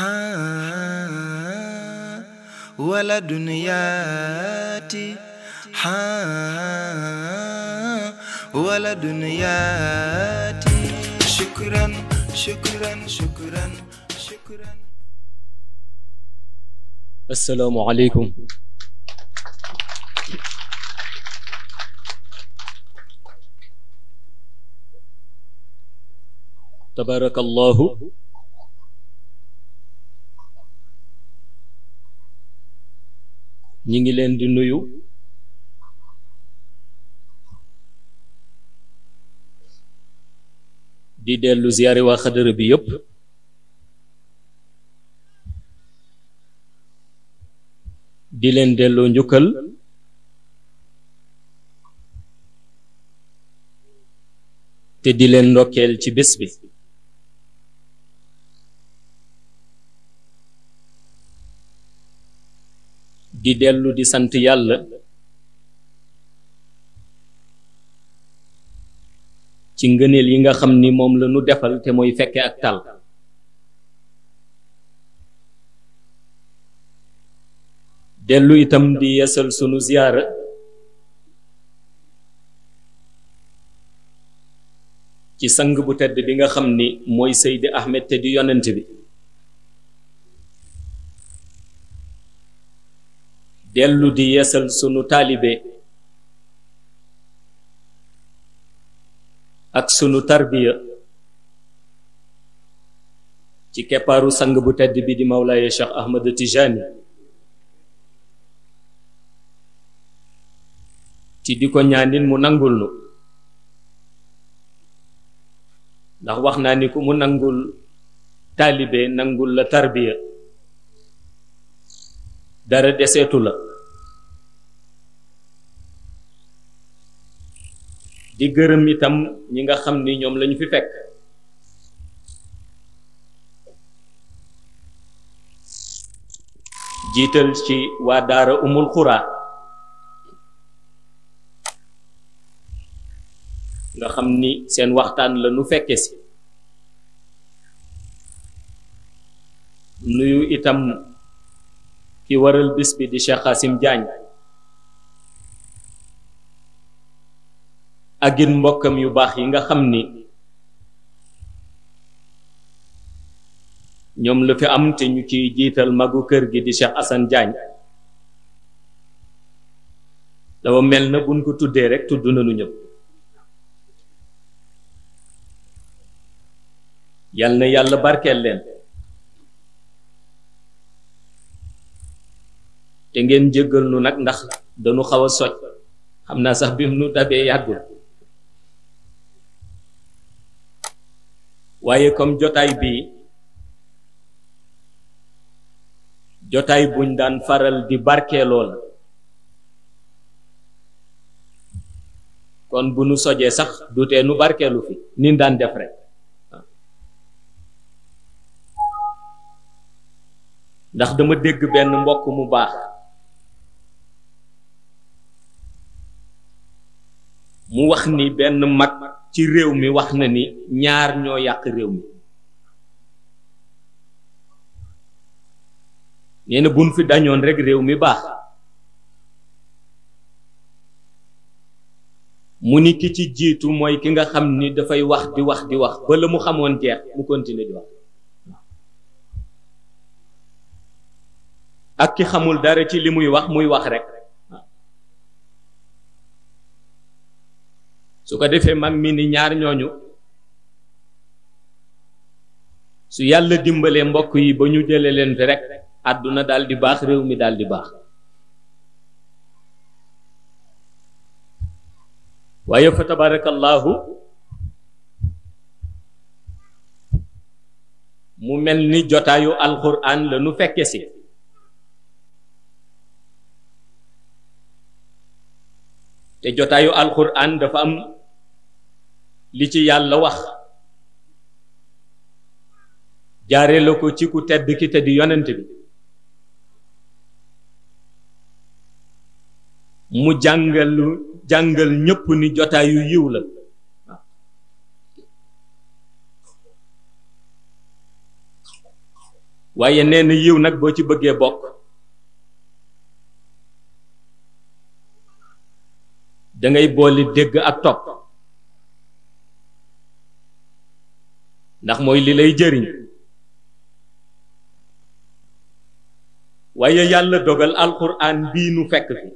haa wala duniyaati haa wala duniyaati shukran shukran shukran shukran assalaamu aleykum tabarakallahu ñi ngi leen di nuyu di dellu ziyaari waa xadara bi yépp di leen delloo njukkal te di leen ndokkeel ci bés bi di dellu di sant yàlla ci ngëneel yi nga xam ni moom la nu defal te mooy fekke ak tal dellu itam di yesal sunu ziyaara ci sang bu tedd bi nga xam ni mooy Seydi Ahmed te di yonent bi dellu di yeesal sunu taalibe ak sunu tarbiya ci keppaaru sang bu tedd bi di Mawlaaye Cheikh Ahmad Tijani ci di ko ñaanin mu nangul ndax wax naa ni ku mu nangul taalibe nangul la tarbiya dara deseetu la di gërëm itam ñi nga xam ni ñoom lañu fi fekk jiital ci waa daara umul xura nga xam ni seen waxtaan la nu fekke si nuyu itam ki waral bis bi di Cheikh Xasim Jaañ ak mbokkam yu baax yi nga xam ni ñoom la fi am te ñu ciy jiital magu kër gi di Cheikh Assane Diagne dafa mel na buñ ko tuddee rekk tudd nañu ñëpp yal na yàlla barkeel leen te ngeen jéggal nu nag ndax dañu xaw a soj xam naa sax bi nu dabee yàggul waaye comme jotaay bii jotaay buñ daan faral di barkeeloo la kon bu nu sojee sax du tee nu barkeelu fi nin daan def rek ndax dama dégg benn mbokk mu baax mu wax ni benn mag ci réew mi wax na ni ñaar ñoo yàq réew mi nee na buñ fi dañoon rek réew mi baax mu ni ki ci jiitu mooy ki nga xam ni dafay wax di wax di wax ba la mu xamoon jeex mu continuer di wax ak ki xamul dara ci li muy wax muy wax rekk su ko defee mag mi ni ñaar ñooñu su yàlla dimbalee mbokk yi ba ñu jëlee leen fi rek àdduna daal di baax réew mi daal di baax waaye fa tabarakallahu mu mel ni jotaayu alxuraan la fekke si te jotaayu alxuraan dafa am li ci yàlla wax jaare la ko ci ku tedd ki te di yonent bi mu jàngal jàngal ñëpp ni jotaayu yiw la waaye nee na yiw nag boo ci bëggee bokk dangay ngay boole dégg ak topp ndax mooy lii lay jëriñ waaye yàlla dogal alxuraan bii nu fekk fi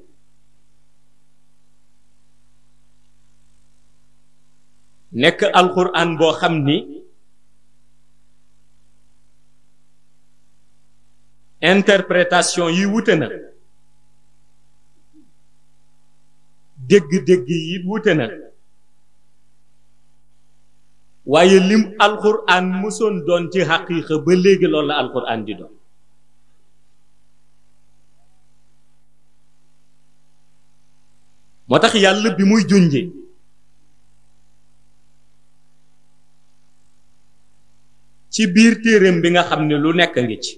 nekk alxuraan boo xam ni interprétation yi wute na dégg-dégg yi wute na waaye lim alxuraan mësoon doon ci xaqiiqa ba léegi loolu la alxuraan di doon moo tax yàlla bi muy junjee ci biir téereem bi nga xam ne lu nekk a ngi ci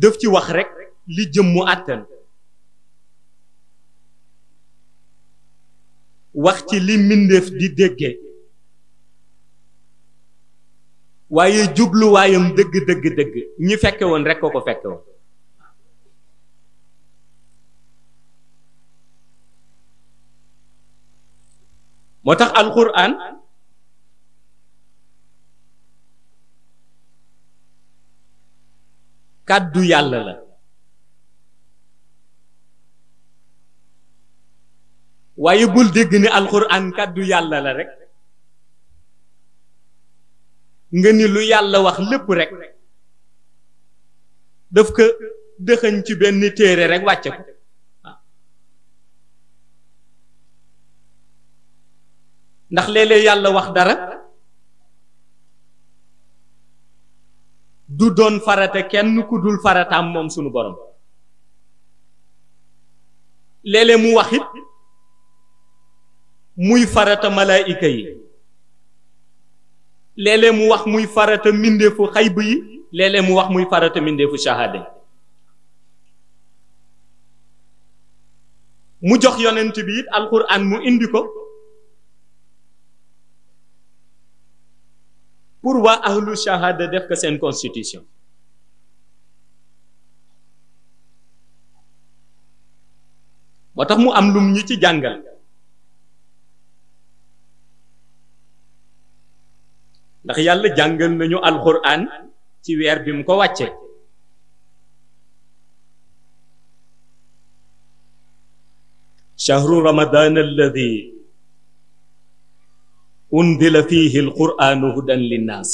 def ci wax rekk li jëmmu àttan wax ci li mbindéef di dégge waaye jubluwaayam dëgg dëgg dëgg ñi fekke woon rek ko ko fekke woon moo tax alxuraan kàddu yàlla la waaye bul dégg ne alxuraan kàddu yàlla la rek nga ni lu yàlla wax lépp rek daf ko dëxëñ ci benn téere rekk wàcce ko ndax léeg yàlla wax dara du doon farata kenn ku dul farataam moom sunu borom léeg mu wax muy farata malaayika yi léeg mu wax muy farata mbindeefu xayb yi léeg mu wax muy farata mbindeefu shahada mu jox yonent bi it alxuraan mu indi ko pour waa ahlu shahada def ko seen constitution moo tax mu am lum ñu ci jàngal ndax yàlla jàngal nañu alxuraan ci weer bi mu ko wàcce shahru ramadan alladi undila fihi alquranu hudan linnaas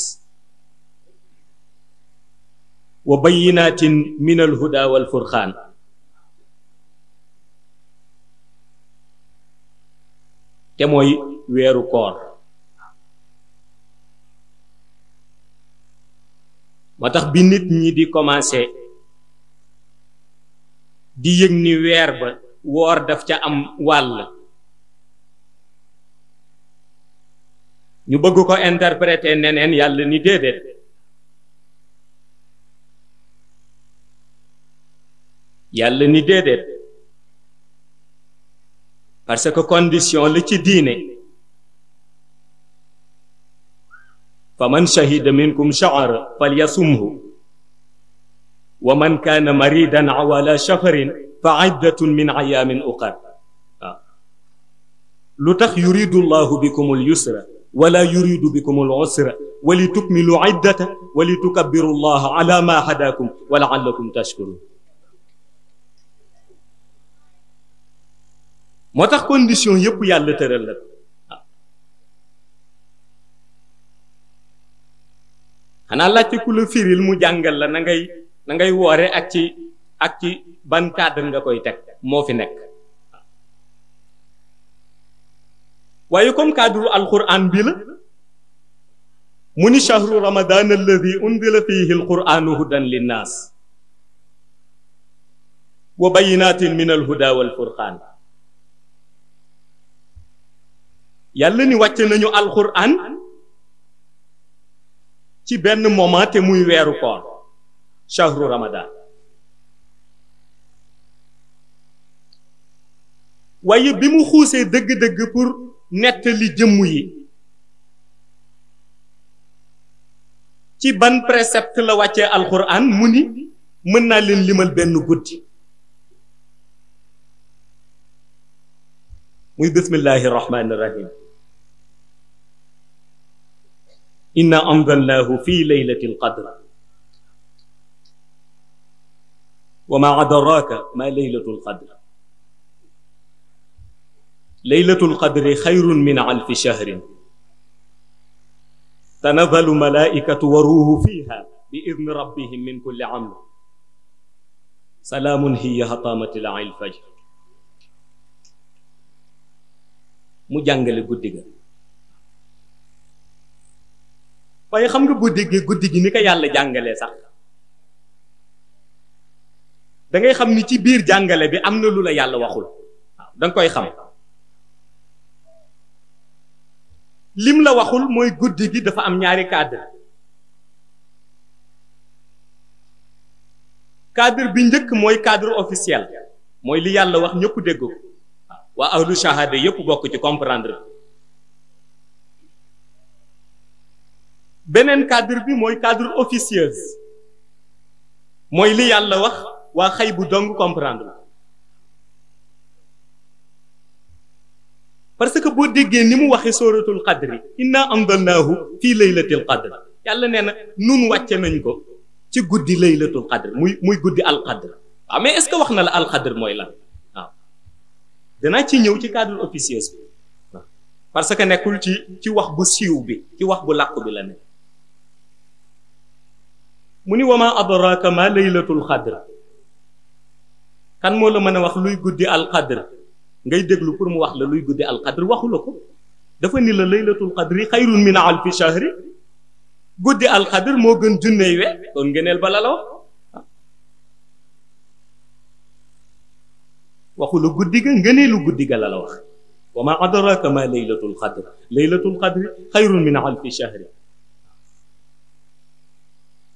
wa bayinatin min alhuda te mooy weeru koor moo tax bi nit ñi di commencé di yëg ni weer ba woor daf ca am wàll ñu bëgg ko interpréter neneen yàlla ni déedéet yàlla ni déedéet parce que condition la ci diine fa man shahida minkum sha'ara falyasumhu wa man kaana maridan aw ala safarin fa iddatun min ayaamin uqar waaw lu tax yuridu llahu bikum al yusra wala yuridu bikum al usra wa li tukmilu iddata wa li tukabbiru llaha ala ma hadakum wa laallakum tashkurun moo tax condition yëpp yàlla tëral la xanaa laajte ku la firil mu jàngal la na ngay na ngay woore ak ci ak ci ban cadre nga koy teg moo fi nekk waaye comme cadre alquran bi la mu ni chahru ramadan alladi undila fihi alquranu hudan linnaas wa bayinatin min alhuda walfurqaan yàlla ni wàcce nañu alquran ci benn moment te muy weeru koor shahru ramadan waaye bi mu xuusee dëgg-dëgg pour nettali jëmm yi ci ban précepte la wàccee alxuraan mu ni mën naa leen limal benn guddi muy bismillahi rahmaani rahim inna anzalnaahu fi laylati alqadr wa ma adraaka ma laylatu alqadr laylatu alqadri xayrun min alfi shahrin tanazzalu malaaikatu wa ruuhu fiiha bi idni rabbihim min kulli amr salaamun hiya hatta matla'il fajr mu jàngale guddi ga waaye xam nga boo déggee guddi gi ni ko yàlla jàngalee sax dangay xam ni ci biir jàngale bi am na lu la yàlla waxul danga koy xam lim la waxul mooy guddi gi dafa am ñaari cadre cadre bi njëkk mooy cadre officiel mooy li yàlla wax ñëpp dégg ko waa ahlu shahada yëpp bokk ci comprendre beneen cadre bi mooy cadre officieuse mooy li yàlla wax waa xëy bu dong comprendre parce que boo déggee ni mu waxee sóoratul qadri inna anzalnaahu fii laylatil qadr yàlla nee na nun wàcce nañ ko ci guddi laylatul qadr muy muy guddi alqadr waaw ah, mais est que wax na la alqadr mooy la waaw ah. danaa ci ñëw ci cadre officieuse bi ah. parce que nekkul ci ci wax bu siiw bi ci wax bu làkk bi la nekk mu ni wama adraka ma laylatul xadr kan moo la mën a wax luy guddi alxadr ngay déglu pour mu wax la luy guddi alxadr waxu la ko dafa ni la laylatul xadri xayrun min alfi shahri guddi alxadr moo gën junney we doon ngëneel bala la wax waxu la guddi ga ngëneelu guddi ga la wa ma adraka ma laylatul xadr laylatul xadri xayrun min alfi shahri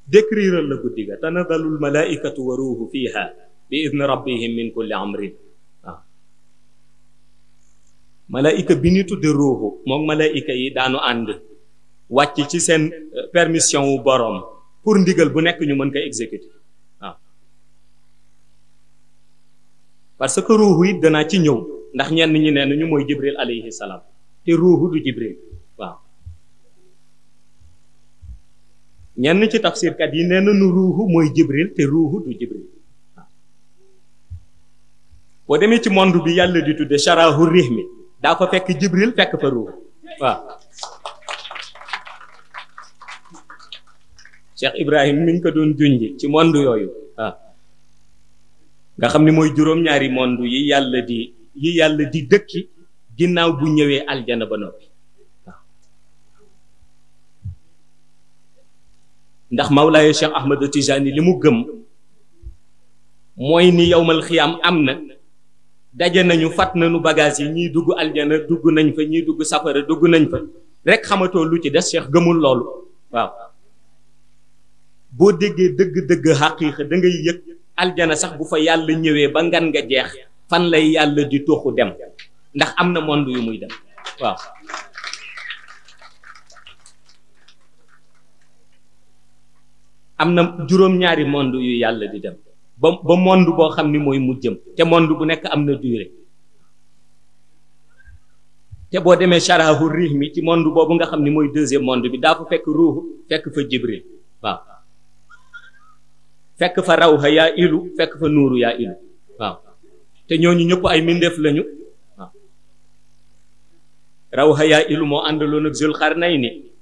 décrire la guddi ga tanadalu lmalaikatu wa ruuhu fiha bi idni rabbihim min kulli amrin waaw ah. bi ñu tudd ruuhu moom malaika yi daanu ànd wàcc ci seen eh, permission wu boroom pour ndigal bu nekk ñu mën ko exécuter waaw ah. parce que ruuhu it danaa ci ñëw ndax ñenn ñi nee nañu mooy jibril alayhi salaam te ruuhu du jibril ñenn ci tafsirkat yi nee nañu ruuxu mooy jibril te ruuxu du jibril boo demee ci monde bi yàlla di tudde sharahu rih mi daa ko fekk jibril fekk fa ruuxu waaw Ibrahim mi ngi ko doon junj ci monde yooyu nga xam ni mooy juróom-ñaari monde yi yàlla di yi yàlla di dëkki ginnaaw bu ñëwee aljana ba noppi ndax Mawlaaye Cheikh Ahmad Tijaani li mu gëm mooy ni yowmal xiyaam am na daje nañu fat nañu bagage yi ñiy dugg aljana dugg nañ fa ñiy dugg safara dugg nañ fa rek xamatoo lu ci des Cheikh gëmul loolu waaw boo déggee dëgg-dëgg xaqiiqa da yëg aljana sax bu fa yàlla ñëwee ba ngan nga jeex fan lay yàlla di toxu dem ndax am na monde yu muy dem waaw am na juróom-ñaari monde yu yàlla di dem ba ba monde boo xam ni mooy mujjëm te monde bu nekk am na durée te boo demee sharahu rih mi ci monde boobu nga xam ni mooy deuxième monde bi daa fa fekk ruuxu fekk fa jibril waaw fekk fa rawha yaa ilu fekk fa nuuru yaa ilu waaw te ñooñu ñëpp ay mindeef lañu waaw rawha yaa ilu moo àndaloon ak Zulqarnayni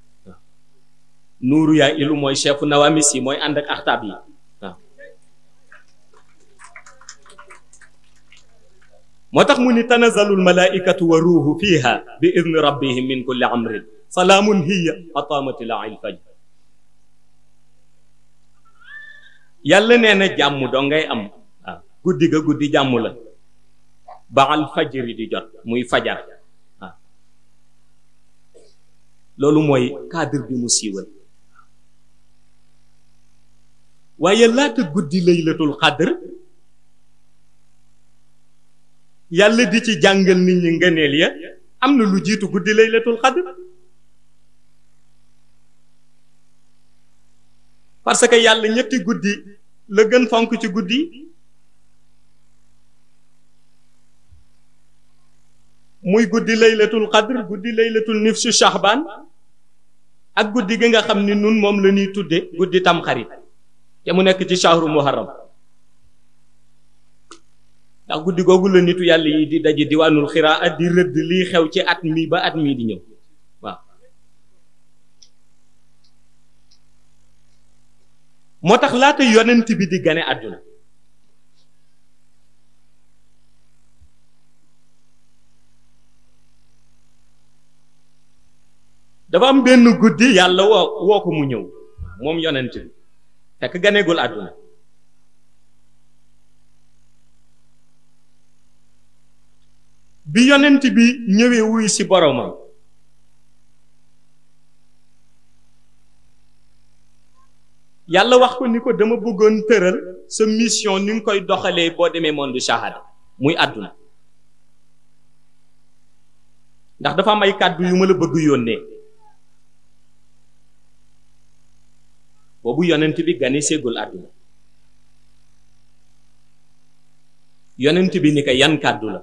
nuuru yaay ilu mooy chefu nawamis mooy ànd ak axtaab yi moo tax mu ni tanazalul malaikatu wa ruuhu fiha bi rabbihim min kulli amrin salaamun hiya atamatil faj yàlla nee na jàmm doo ngay am waaw guddi ga guddi jàmm la ba alfajri di jot muy fajar loolu mooy cadre bi mu siiwal waaye laata guddi laylatul xadr yàlla di ci jàngal nit ñi ngëneel ya am na lu jiitu guddi laylatul xadr parce que yàlla ñetti guddi la gën fonk ci guddi muy guddi laylatul xadr guddi laylatul nifsu shahban ak guddi gi nga xam ni nun moom la ñuy tudde guddi tamxarit te mu nekk ci shahru muharram ndax guddi googu la nitu yàlla yi di daje diwaanul xiraa di rëdd lii xew ci at mi ba at mii di ñëw waaw moo tax laata yonent bi di gane àdduna dafa am benn guddi yàlla woo woo ko mu ñëw moom yonent bi fekk ganeegul àdduna bi yonent bi ñëwee wuy ci boromam yàlla wax ko ni ko dama bëggoon tëral sa mission ni nga koy doxalee boo demee monde shahada muy àdduna ndax dafa am ay kàddu yu ma la bëgg yónnee boobu yonent bi gane séegul àdduna yonent bi ni ko yan kàddu la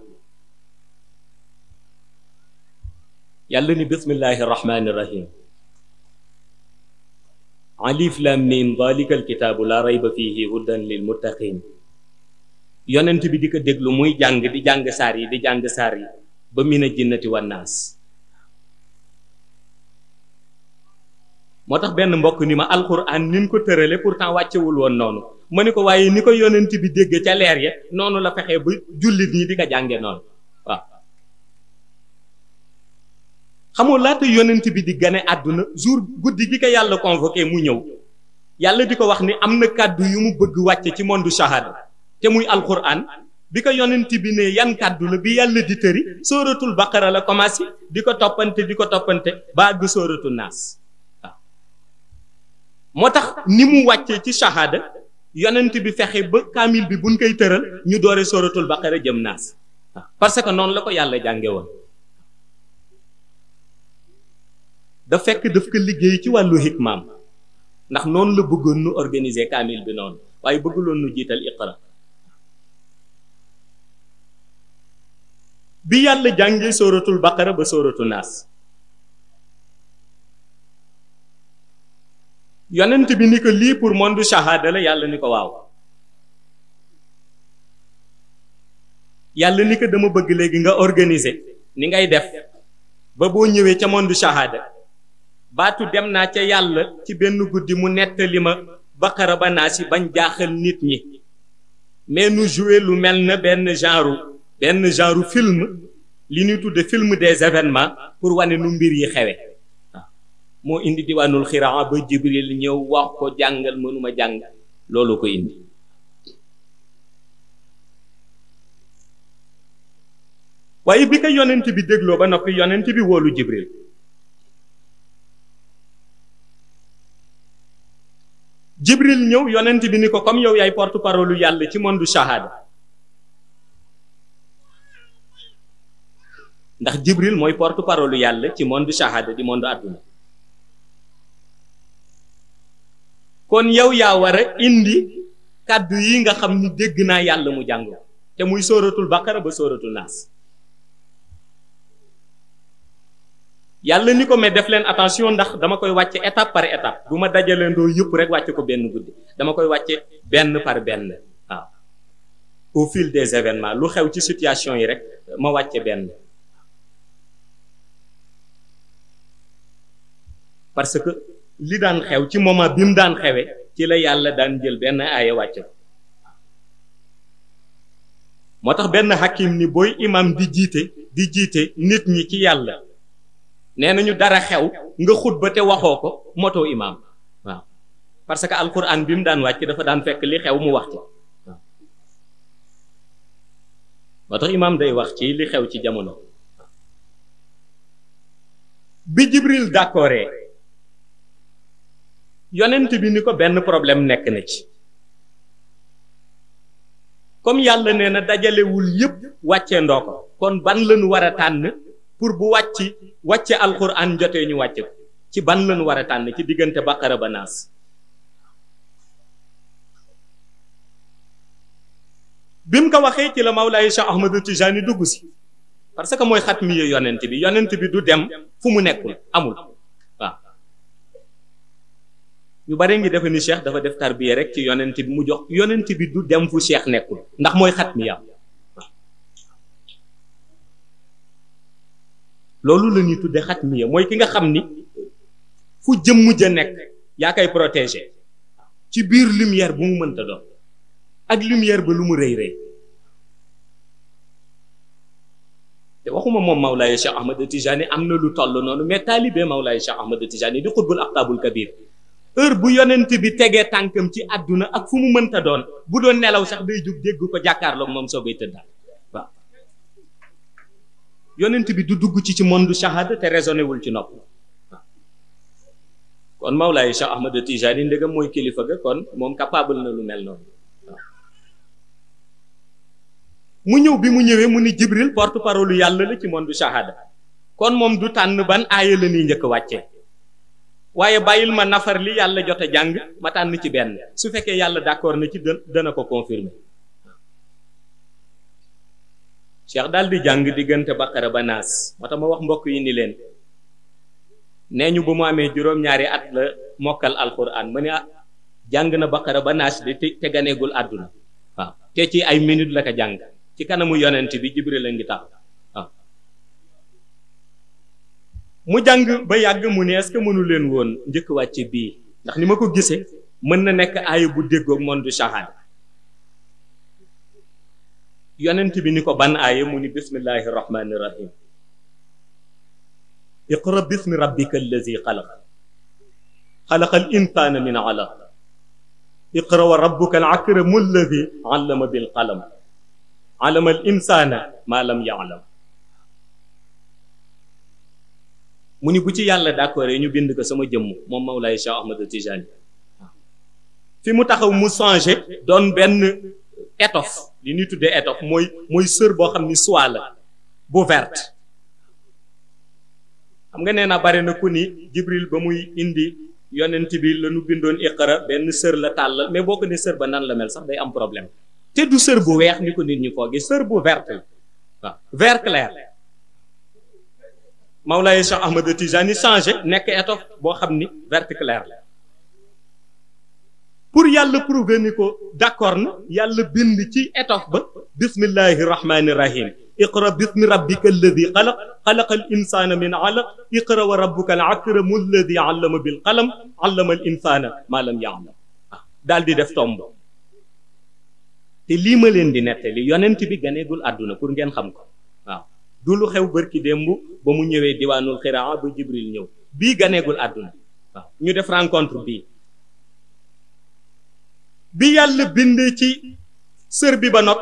yàlla ni bismillaahi rahmaani rahiim alif lam mim alkitaabu laa rayba fiihi hudan lil muttaqiin yonent bi di ko déglu muy jàng di jàng saar yi di jàng saar yi ba mina jinnati wannaas moo tax benn mbokk ni ma alxuraan nin ko tërale pourtant wàccewul woon noonu ma ni ko waaye ni ko yonent bi dégg ca leer ya noonu la fexee ba jullit ñi di ko jànge noonu waaw xamoo laata yonent bi di gane àdduna jour guddi gi ko yàlla convoqué mu ñëw yàlla di ko wax ni am na kàddu yu mu bëgg wàcce ci moon monde shahada te muy alxuraan bi ko yonent bi ne yan kàddu bi yàlla di tëri sooratul baqara la commencé di ko toppante di ko toppante ba àgg sóoratul naas moo tax ni mu wàccee ci shahada yonent bi fexe ba kaamil bi buñ koy tëral ñu doore sooratul baqara jëm naas parce que noonu la ko yàlla jànge woon da fekk daf ko liggéey ci wàllu hikmaam ndax noonu la bëggoon nu organiser kaamil bi noonu waaye bëgguloon nu jiital iqra bi yàlla jàngee sooratul baqara ba sooratu naas yonent bi ni ko lii pour monde shahada la yàlla ni ko waaw yàlla ni ko dama bëgg léegi nga organiser ni ngay def ba boo ñëwee ca monde shahada baatu dem naa ca yàlla ci benn guddi mu nettali ma baqara ba naa bañ jaaxal nit ñi mais nu lu mel na benn genre benn genre film li ñuy tudde film des événements pour wane nu mbir yi xewe moo indi diwaanul xiraa ba jibril ñëw wax ko jàngal mënuma jàng loolu ko indi waaye bi ko yonent bi dégloo ba noppi yonent bi wóolu jibril jibril ñëw yonent bi ni ko comme yow yaay porte parole yàlla ci monde shahada ndax jibril mooy porte parole yàlla ci monde shahada di monde àdduna kon yow yaa war indi kàddu yi nga xam ni dégg naa yàlla mu jàng te muy sóoratul baqara ba sóoratul naas yàlla ni ko mais def leen attention ndax dama koy wàcce étape par étape du ma dajaleendoo yëpp rek wàcce ko benn guddi dama koy wàcce benn par benn waaw au fill des événements lu xew ci situation yi rek ma wàcce benn parce que li daan xew ci moment bi daan xewee ci la yàlla daan jël benn aaya wàcc ko moo tax benn hakim ni booy imam di jiite di jiite nit ñi ci yàlla nee nañu dara xew nga xutba te waxoo ko moto imam waaw parce que alquran bi mu daan wàcc dafa daan fekk li xew mu wax ci waaw moo tax imam day wax ci li xew ci jamono bi Jibril d'accordé yonent bi ni ko benn problème nekk na ci comme yàlla nee na dajalewul yépp wàccee ndoo ko kon ban lañu war a tànn pour bu wàcc wàcce alxuraan jotee ñu wàcc ko ci ban lañu war a tànn ci diggante baqara ba naas bi mu ko waxee ci la Mawlaay Cheikh Ahmadou Tijani dugg si parce que mooy xat mi yonent bi yonent bi du dem fu mu nekkul amul ñu bare ngi defe ni cheikh dafa def tarbiya rek ci yonent bi mu jox yonent bi du dem fu cheikh nekkul ndax mooy xat mi yàlla loolu la ñuy tudde xat mi mooy ki nga xam ni fu jëmm ja nekk yaa koy protégé ci biir lumiere bu mu mënta doon ak lumière ba lu mu rëy rëy te waxuma moom Mawlaaya Cheikh Ahmad Tijani am na lu toll noonu mais taalibe Mawlaaya Cheikh Ahmad Tijani di xutbul aqtaabul kabir heure bu yonent bi tegee tànkam ci àdduna ak fu mu mënta doon bu doon nelaw sax day jóg dégg ko jàkkaarloog moom soogay tëddaal bi du dugg ci ci monde shahada te raisonné wul ci nopp kon Mawlaay Cheikh Ahmad Tijani ndegam mooy kilifa moom capable na lu mel ñëw bi mu ñëwee mu ni Jibril porte yàlla la ci monde shahada kon moom du tànn ban aaya la ñuy njëkk wàccee. waaye bàyyil ma nafar li yàlla jot a jàng ma tànn ci benn su fekkee yàlla d'accord na ci dana ko confirmer cheikh daal di jàng diggante baqara ba naas moo tax ma wax mbokk yi ni leen nee ñu bu mu amee juróom-ñaari at la mokkal alquran ma ne ah jàng na baqara banaas naas di te ganeegul àdduna waaw te ci ay minute la ko jàng ci kanamu yonent bi jibril la ngi taxaw mu jàng ba yàgg mu ne est-ce leen woon njëkk wàcce bii ndax ni ma ko gise mën na nekk aaya bu déggoog moom du shahada yonent bi ni ko ban aaya mu ni bismillahi rahmani rahim iqra bismi rabbika allazi xalaq xalaqa al min alaq iqra wa rabbuka al akramu allazi allama bil qalam allama al insana ma lam ya'lam mu ni bu ci yàlla d'accord ñu bind ko sama jëmm moom Mawlaay Cheikh de Tijani fi mu taxaw mu changé doon benn étoffe li ñuy tuddee étoffe mooy mooy sër boo xam ni soie la bu verte xam nga nee naa bare na ku ni Jibril ba muy indi yonent bi la ñu bindoon iqara benn sër la tàllal mais boo ko ne sër ba nan la mel sax day am problème te du sër bu weex ni ko nit ñi foogee sër bu verte la waaw vert clair Mawlaay Cheikh Ahmad Tijani changé nekk étoffe boo xam ni vert clair yàlla prouver ni ko d'accord na yàlla bind ci étoffe ba bismillahi rahmani rahim iqra bismi rabbika alladi xalaq xalaqa min alaq iqra wa rabbuka al ma lam yaalam waaw ah, daal def tomb te lii ma leen di nettali yonent bi ganeegul àdduna pour ngeen xam ko du lu xew bërki démb ba mu ñëwee diwaanul xiraa ba jibril ñëw bii ganeegul àdduna waaw ñu def rencontre bii bi yàlla bindee ci sër bi ba nopp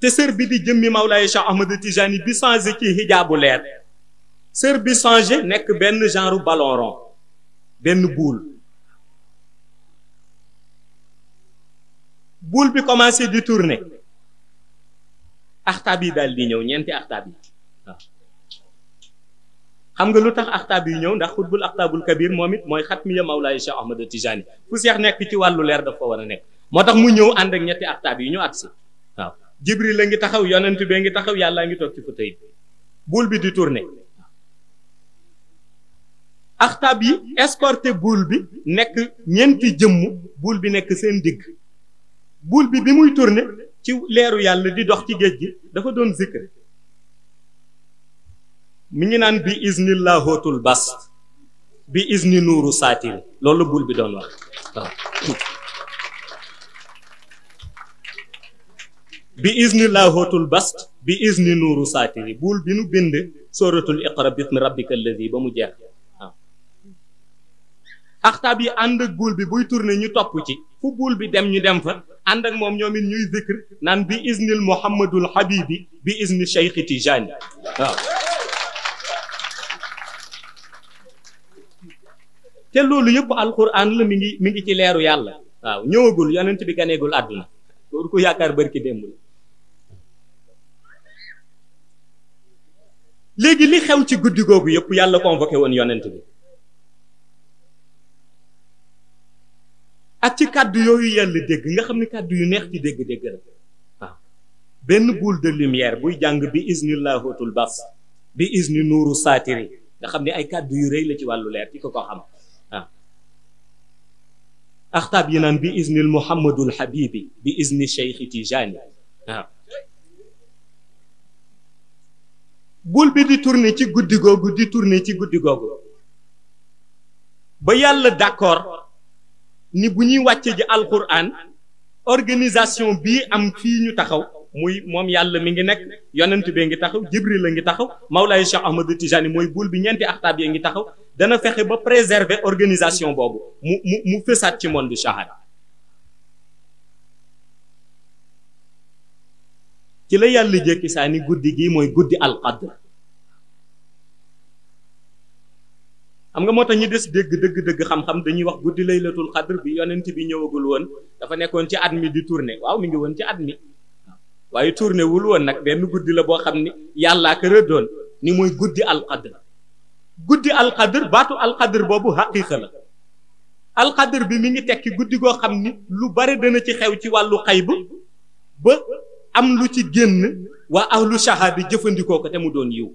te sër bi di jëmmi Mawlaay Cheikh Ahmad Tijani bi changé ci hijaabu leer sër bi changé nekk benn genre ballon benn buul buul bi commencé di turné axtaab yi daal di ñëw ñeenti axtaab yi waaw xam nga lu tax axtaab yi ñëw ndax xutbul axtaabul kabir moom it mooy xat xatmiya Mawlaay Cheikh Ahmad Tijani fu seex nekk ci wàllu leer daf ko war a nekk moo tax mu ñëw ànd ak ñetti axtaab yi ñu agsi waaw Jibril la ngi taxaw yonent bee ngi taxaw yàllaa ngi toog ci fauteuil bi bi di tourné axtaab yi escorté buul bi nekk ñeenti jëmm buul bi nekk seen digg buul bi bi muy tourné ci leeru yàlla di dox ci géej gi dafa doon zikr mi ngi naan bi izni laahotul bas bi izni nuuru saatil loolu bul bi doon wax waaw bi izni laahotul bas bi izni nuuru saatili buul bi nu bind sooratul iqra bismi rabbika alladi ba mu jeex axtaab yi ànd ak bi buy turne ñu topp ci fu buul bi dem ñu dem fa ànd ak moom ñoom it ñuy zikr naan bi isnil muhammadul habibi bi isni cheikh tijani waaw te loolu yëpp alquran la mi ngi mi ngi ci leeru yàlla waaw ñëwagul yonent bi ganeegul àdduna yaakaar bërki démb la léegi li xew ci guddi googu yëpp yàlla convoqué woon yonent bi ak ci kàddu yooyu yàlla dégg nga xam ne kàddu yu neex ci dégg-dégg la benn boule de lumière buy jàng bi isnillahutul bas bi isni nuuru saatiri nga xam ne ay kàddu yu rëy la ci wàllu leer ci ko ko xam waaw axtaab yi naan bi isnil muhammadul habibi bi isni cheikh tijani waaw bi di tourner ci guddi googu di tourner ci guddi googu ba yàlla d'accord ni bu ñuy wàcce ji alquran organisation bii am fii ñu taxaw muy moom yàlla mi ngi nekk yonent bee ngi taxaw jibril la ngi taxaw Mawlaay Cheikh Ahmadou Tijani mooy buul bi ñeenti axtaab yee ngi taxaw dana fexe ba préserver organisation boobu mu mu mu fësaat ci monde shahada ci la yàlla jékki saa ni guddi gi mooy guddi alqadr xam nga moo tax ñu des dégg dëgg dëgg xam-xam dañuy wax guddi lay laylatul xadr bi yonent bi ñëwagul woon dafa nekkoon ci at mi di tourné waaw mi ngi woon ci at mi waaye tourné wul woon nag benn guddi la boo xam ni yàllaa ko doon ni mooy guddi alxadr guddi alxadr baatu alxadr boobu xaqiiqa la alxadr bi mi ngi tekki guddi goo xam ni lu bare dana ci xew ci wàllu xayb ba am lu ci génn waa ahlu shahada jëfandikoo ko te mu doon yiw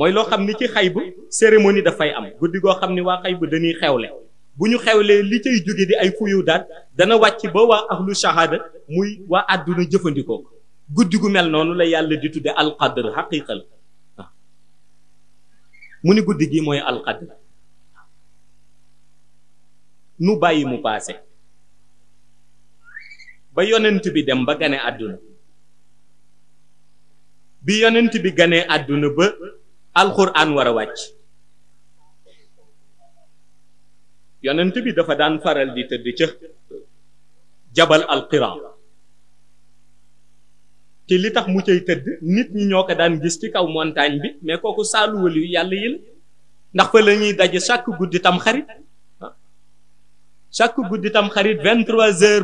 mooy loo xam ni ci xaybu cérémonie dafay am guddi goo xam ni waa xaybu dañuy xewle bu ñu xewlee li cay jóge di ay fuyu daat dana wàcc ba waa ahlu shahada muy waa àdduna jëfandikoo guddi gu mel noonu la yàlla di tudde alqadr xaqiqa la mu ni guddi gi mooy alqadr nu bàyyi mu paase ba yonent bi dem ba gane àdduna bi yonent bi ganee àdduna ba alxuraan war a wàcc yonent bi dafa daan faral di tëdd ca jabal alqiraa te li tax mu cay tëdd nit ñi ñoo ko daan gis ci kaw montagne bi mais kooku saaluwal yu yàlla yil la ndax fa la ñuy daje chaque guddi tam xarit chaque guddi tam xarit vingt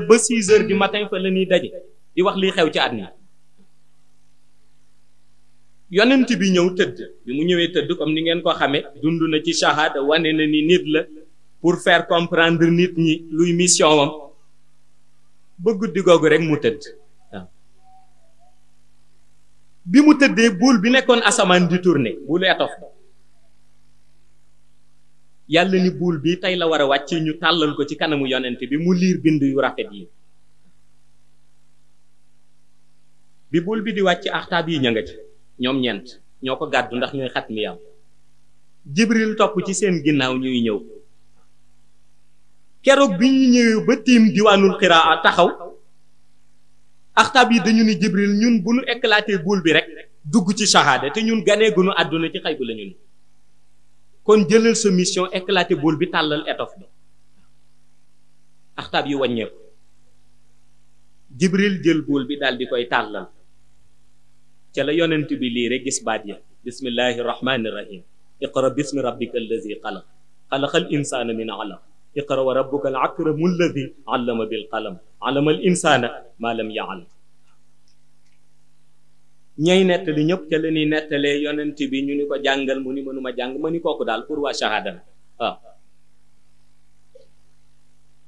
ba six heures bi matin fa la ñuy daje di wax liy xew ci at mi yonent bi ñëw tëdd bi mu ñëwee tëdd comme ni ngeen ko xamee dund na ci shahada wane na ni nit la pour faire comprendre nit ñi luy mission wam ba guddi rek mu tëdd bi mu tëddee buul bi nekkoon asamaan di tourné buulu etof yàlla ni buul bi tey la war a wàcc ñu tàllal ko ci kanamu yonent bi mu liir bind yu rafet yi bi buul bi di wàcc axtaab yi ña nga ñoom ñeent ñoo ko gàddu ndax ñooy xat mi am jibril topp ci seen ginnaaw ñuy ñëw keroog bi ñu ñëwee ba tiim diwaanul xiraa taxaw axtaab yi dañu ni jibril ñun bu nu éclater boule bi rek dugg ci shahada te ñun ganee gunu àdduna ci xay bu la ni kon jëlal sa mission éclater boule bi tàllal étoffe bi axtaab yi wàññeeku jibril jël boule bi daal di koy tàllal ca la yonent bi lii gis baat ya bismillahi rahmani rahim iqra bismi rabbika allazi xalaq xalaqa min alaq iqra wa rabbuka al akramu ma lam yaalam ñay nettali ñëpp cala la ñuy nettalee bi ñu ni ko jàngal mu ni mënuma jàng ma ni kooku daal pour waa shahada la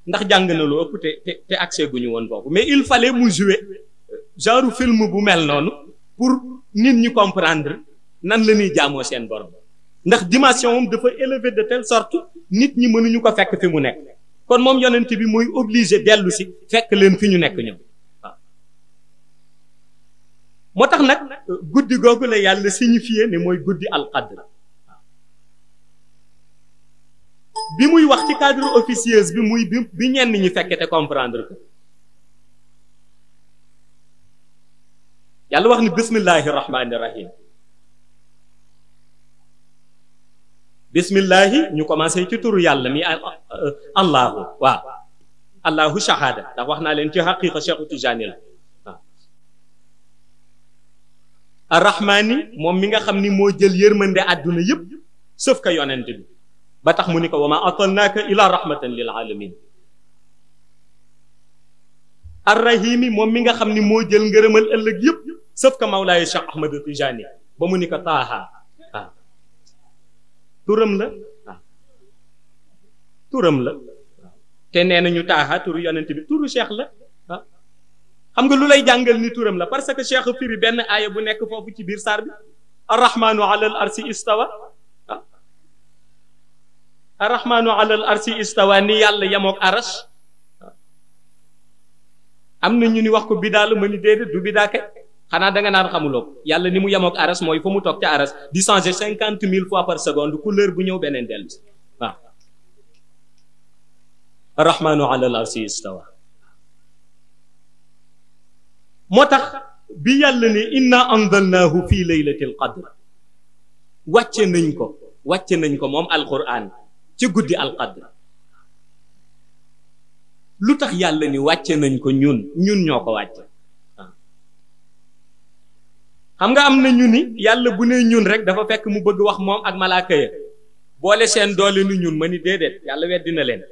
ndax jàng lu ëpp te te gu ñu woon foofu mais il fallait mu jouer genre film bu mel noonu pour nit ñi comprendre nan la ñuy jaamoo seen borom ndax dimension moom dafa élevé de telle sorte nit ñi mënuñu ko fekk fi mu nekk kon moom yonent bi muy obligé dellu si fekk leen fi ñu nekk ñoom moo tax nag guddi googu la yàlla signifié ne mooy guddi al alqadr bi muy wax ci cadre officieuse bi muy bi ñenn ñi te comprendre yàlla wax ni bismillahi rahmaani rahim bismillahi ñu commencé ci turu yàlla mi allahu waaw wax naa leen ci xaqiqa cheikhu tijaani la waaw arrahmaani moom mi nga xam ni moo jël yërmande àdduna yépp sauf que yonent bi ba tax mu ni ko wa ma atalnaaka ila rahmatan lil alamin arrahimi moom mi nga xam ni moo jël ngërëmal ëllëg yépp sauf ko Mawlaay Cheikh Ahmad Tijaani ba mu ni ko taaha waaw ah. turam la ah. turam la te nee nañu taaha turu yonent bi turu cheikh la ah. xam nga lu lay jàngal ni turam la parce que cheikh firi benn aaya bu nekk foofu ci biir saar bi arrahmanu ala al arsi istawa ah arrahmanu arsi istawa ni yàlla yamook arash am na ñu ni wax ko bidaa la ma ni déedéet du bidaa kay xanaa da nga naan xamuloo yàlla ni mu yemook aras mooy fa mu took ca aras di changer cinquante mille fois par seconde couleur bu ñëw beneen dellu si waaw arrahmanu ala al moo tax bi yàlla ne inna anzalnaahu fi laylatil qadr wàcce nañ ko wàcce nañ ko moom alquran ci guddi alqadr lu tax yàlla ni wàcce nañ ko ñun ñun ñoo ko wàcce xam nga am na ñu ni yàlla bu ne ñun rek dafa fekk mu bëgg wax moom ak malaaka ya boole seen doole nu ñun ma ni déedéet yàlla weddi na leen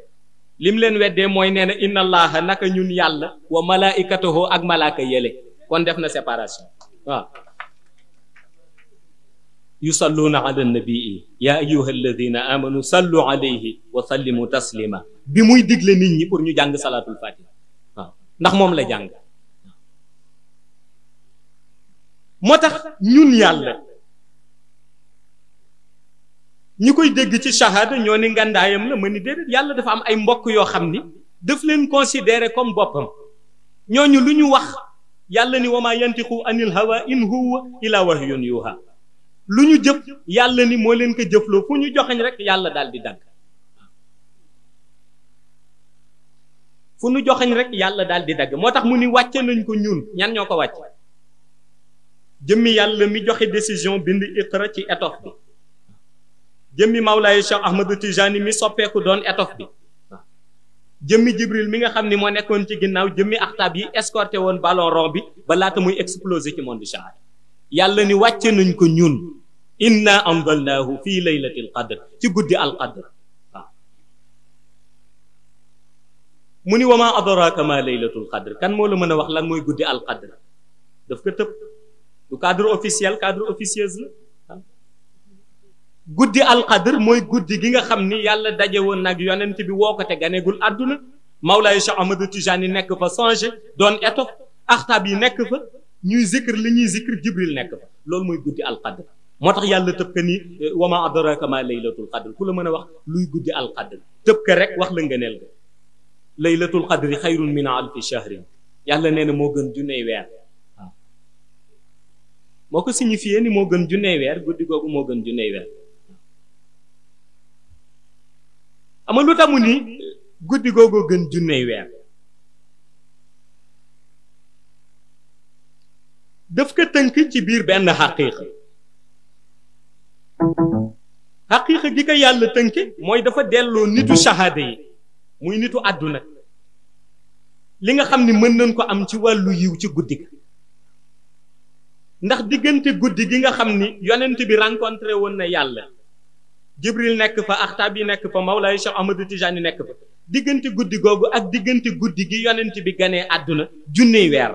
lim leen weddee mooy nee na inna allaha naka ñun yàlla wa malaikatahu ak malaaka yële kon def na séparation waaw yusalluuna ala nabii ya ayuha alladina amanu sallu alayhi wa sallimu taslima bi muy digle nit ñi pour ñu jàng salaatul fatiha ndax moom la jàng moo tax ñun yàlla ñi koy dégg ci shahada ñoo ni ngàndaayam la ma ni déedéet yàlla dafa am ay mbokk yoo xam ni daf leen considéré comme boppam ñooñu lu ñu wax yàlla ni wamaa yantiqu anil hawa in huwa ila wahyun yuha lu ñu jëf yàlla ni moo leen ko jëfloo fu ñu joxeñ rekk yàlla daal di dagg fu ñu joxeñ rek yàlla daal di dagg moo tax mu ni wàcce nañ ko ñun ñan ñoo ko wàcc jëmmi yàlla mi joxe décision bind iqra ci étoffe bi jëmmi Mawlaay Cheikh Ahmadou Tijani mi soppeeku doon étoffe bi jëmmi Jibril mi nga xam ni moo nekkoon ci ginnaaw jëmmi axtaab yi escorté woon ballon rond bi balaata muy explosé ci monde shahada yàlla ni wàcce nañ ko ñun inna anzalnaahu fi laylatil qadr ci guddi al qadr waaw mu ni wa maa adraaka maa laylatul kan moo la mën a wax lan mooy guddi al qadr daf ko tëb du cadre officiel cadre officieuse la ah. guddi alqadr mooy guddi gi nga xam ni yàlla daje woon nag yonent bi woo ko te ganeegul àdduna Mawlaay Cheikh Ahmadou Tijani nekk fa songé doon étof axtaab yi nekk fa ñuy zikr li ñuy zikr Jibril nekk fa loolu mooy guddi alqadr moo tax yàlla tëb ni eh, wa ma adraka ma laylatul qadr ku la mën a wax luy guddi alqadr tëb ka rek wax la ngëneel ga laylatul qadri xayrun min alfi shahrin yàlla nee na moo gën ne weer moo ko signifié ni moo gën junney weer guddi googu moo gën junney weer ama lu tamu ni guddi googu gën junne weer daf ko tënk ci biir benn xaqiiqa xaqiiqa gi ko yàlla tënke mooy dafa delloo nitu shahada yi muy nitu àdduna li nga xam ni mën nañ ko am ci wàllu yiw ci guddi ga ndax diggante guddi gi nga xam ni yonent bi rencontré woon na yàlla Jibril nekk fa axtaab yi nekk fa Mawlaay Cheikh Ahmadou Tijani nekk fa diggante guddi googu ak diggante guddi gi yonent bi ganee àdduna junney weer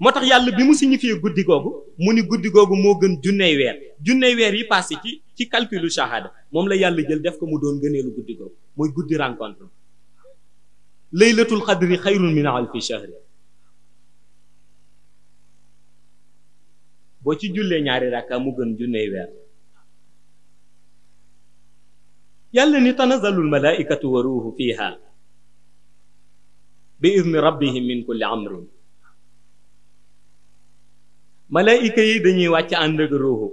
moo tax yàlla bi mu signifié guddi googu mu ni guddi googu moo gën junney weer junney weer yi passé ci ci calculu shahada moom la yàlla jël def ko mu doon gëneelu guddi googu mooy guddi rencontre laylatul xadri xayrun min alfi shahri boo ci jullee ñaari rakka mu gën junney weer yàlla ni tanazalul malaaikatu wa ruuhu fiiha bi izni rabbihim min kulli amrin malaayika yi dañuy wàcc ànd ak ruuxu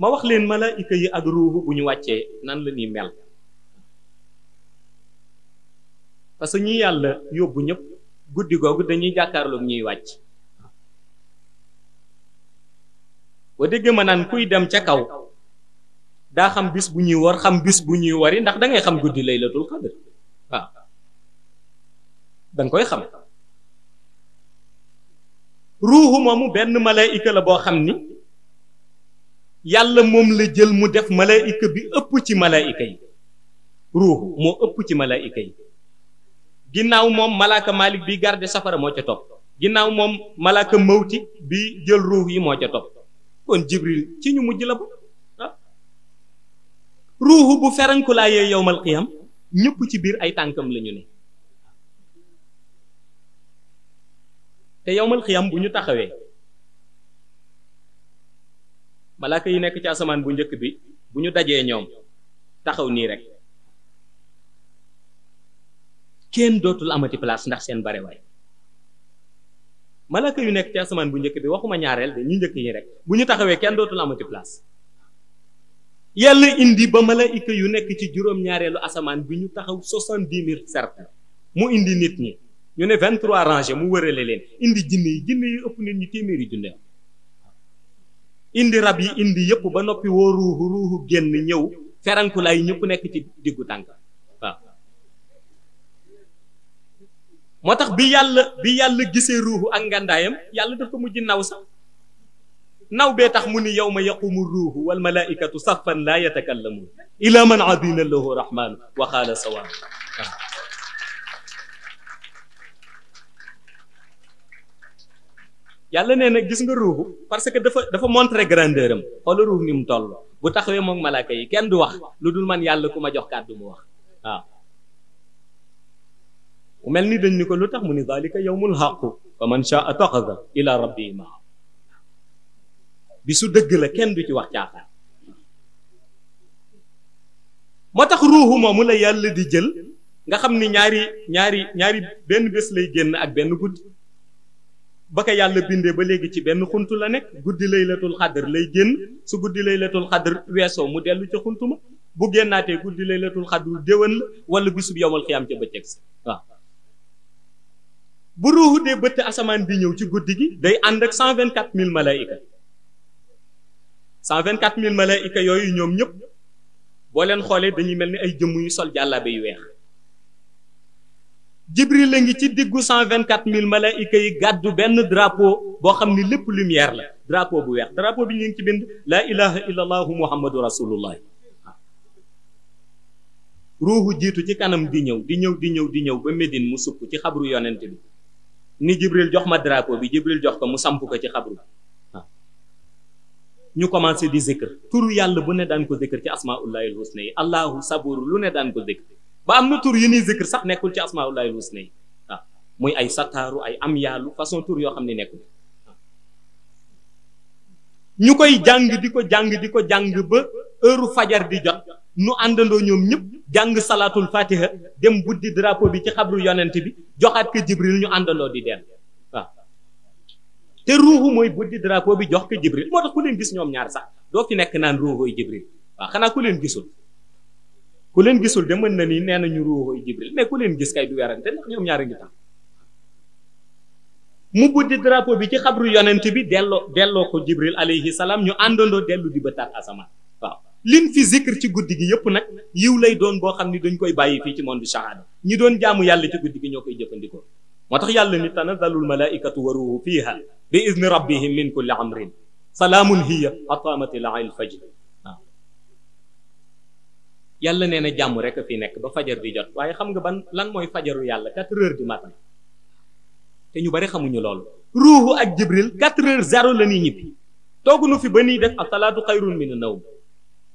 ma wax leen malaayika yi ak ruuxu bu ñu wàccee nan la ñuy mel parce que ñu yàlla yóbbu ñëpp guddi googu dañuy jàkkaarloog ñuy wàcc ba dégg ma naan kuy dem ca kaw daa xam bis bu ñuy war xam bis bu ñuy wari ndax da ngay xam guddi laylatul qadr waaw danga koy xam ruuxu moomu benn malaayika la boo xam ni yàlla moom la jël mu def malaayika bi ëpp ci malaayika yi ruuxu moo ëpp ci malaayika yi ginnaaw moom malaaka Malik bi garde safara moo ca topp ginnaaw moom malaaka mawti bi jël ruux yi moo ca topp kon jibril ci ñu mujj la ba ah ruuxu bu ferenkulaayee yowmal qiyam ñëpp ci biir ay tànkam lañu ni te yowmal qiyam bu ñu taxawee malaaka yi nekk ci asamaan bu njëkk bi bu ñu dajee ñoom taxaw nii rek kenn dootul amati place ndax seen barewaay malaka yu nekk ci asamaan bu njëkk bi waxuma ñaareel de ñu njëkk yi rek bu ñu taxawee kenn dootul amati place yàlla indi ba malaika yu nekk ci juróom-ñaareelu asamaan bi ñu taxaw soixante-dix mille certes mu indi nit ñi ñu ne vingt-trois mu wërale leen indi jinne yi jinne yi ëpp nit ñu téeméeri junne indi rab yi indi yëpp ba noppi woo ruuxu ruuxu génn ñëw feranku laay ñëpp nekk ci diggu tànk moo tax bi yàlla bi yàlla gisee ruuxu ak ngàndaayam yàlla daf mujj naw sax naw bee tax mu ni ma yaqumu ruuxu wal malaikatu saffan laa yatakallamuun ila man adina lahu rahmaanu wa qaala sawaab yàlla nee na gis nga ruuxu parce que dafa dafa montrer grandeur am xoola ruux ni mu toll bu taxawee moom malaaka yi kenn di wax lu dul man yàlla ku ma jox kàddu mu wax mel ni dañ ni ko lu tax mu ni zalika yawmul haqu fa man shaa taxada ila rabbihi maa bisu dëgg la kenn du ci wax caaxaan moo tax ruuxu moomu la yàlla di jël nga xam ni ñaari ñaari ñaari benn bés lay génn ak benn guddi ba ko yàlla bindee ba léegi ci benn xunt la nekk guddi lay laylatul xadr lay génn su guddi laylatul xadr weesoo mu dellu ca xunt ma bu génnaatee guddi laylatul xadr déwén la wala bisub yowmal xiyaam ca bëccëg sa waaw bu ruuxu dee bëtt asamaan bi ñëw ci guddi gi day ànd ak cent vingt quatre mille malaayika vingt quatre mille malaayika yooyu ñoom ñëpp boo leen xoolee dañuy mel ni ay jëmm yu sol jàllaabe yu weex jibril la ngi ci diggu cent vingt quatre mille malaayika yi gàddu benn drapo boo xam ni lépp lumière la drapeau bu weex drapeau bi ñu ngi ci bind laa ilaha illa allahu muhammadu rasulullah ruuxu jiitu ci kanam di ñëw di ñëw di ñëw di ñëw ba Médine mu sukk ci xabru yonent bi ni Jibril jox ma drapeau bi Jibril jox ko mu samp ko ci xabru waaw ñu commencé di zikr tur yàlla bu ne daan ko zikr ci asmaullahil husna yi allahu sabur lu ne daan ko zikr ba am na tur yu ñuy zikr sax nekkul ci asmaullahil husna yi waaw muy ay sataaru ay am yaalu façon tur yoo xam ne nekkul ñu koy jàng di ko jàng di ko jàng ba heure fajar di jot nu àndandoo ñoom ñëpp jàng salaatul fatiha dem buddi drapeau bi ci xabru yonent bi joxaat ko jibril ñu àndandoo di dem waaw te ruuxu mooy buddi drapeau bi jox ko jibril moo tax ku leen gis ñoom ñaar sax doo fi nekk naan ruuxooy jibril waaw ku leen gisul ku leen gisul de na ni nee nañu ruuxooy jibril leen gis kay du werante ndax ñoom ñaar a ngi tax mu buddi drapeau bi ci xabru yonent bi delloo delloo ko jibril alayhi salaam ñu àndandoo dellu di bëtaat asamaan lin fi zikr ci guddi gi yëpp nag yiw lay doon boo xam ni dañ koy bàyyi fii ci moon bi shahada ñi doon jaamu yàlla ci guddi gi ñoo koy jëfandikoo moo tax yàlla ni tanazalul malaikatu wa ruhu fiha bi izni rabbihim min kulli amrin salaamun hiya atamatil al fajr waaw yàlla nee na jàmm rek fi nekk ba fajar di jot waaye xam nga ban lan mooy fajaru yàlla quatre heures du matin te ñu bari xamuñu loolu ruuhu ak jibril quatre heures zéro la ñuy ñibbi toog tooguñu fi ba nii def asalaatu xayrun min an nawm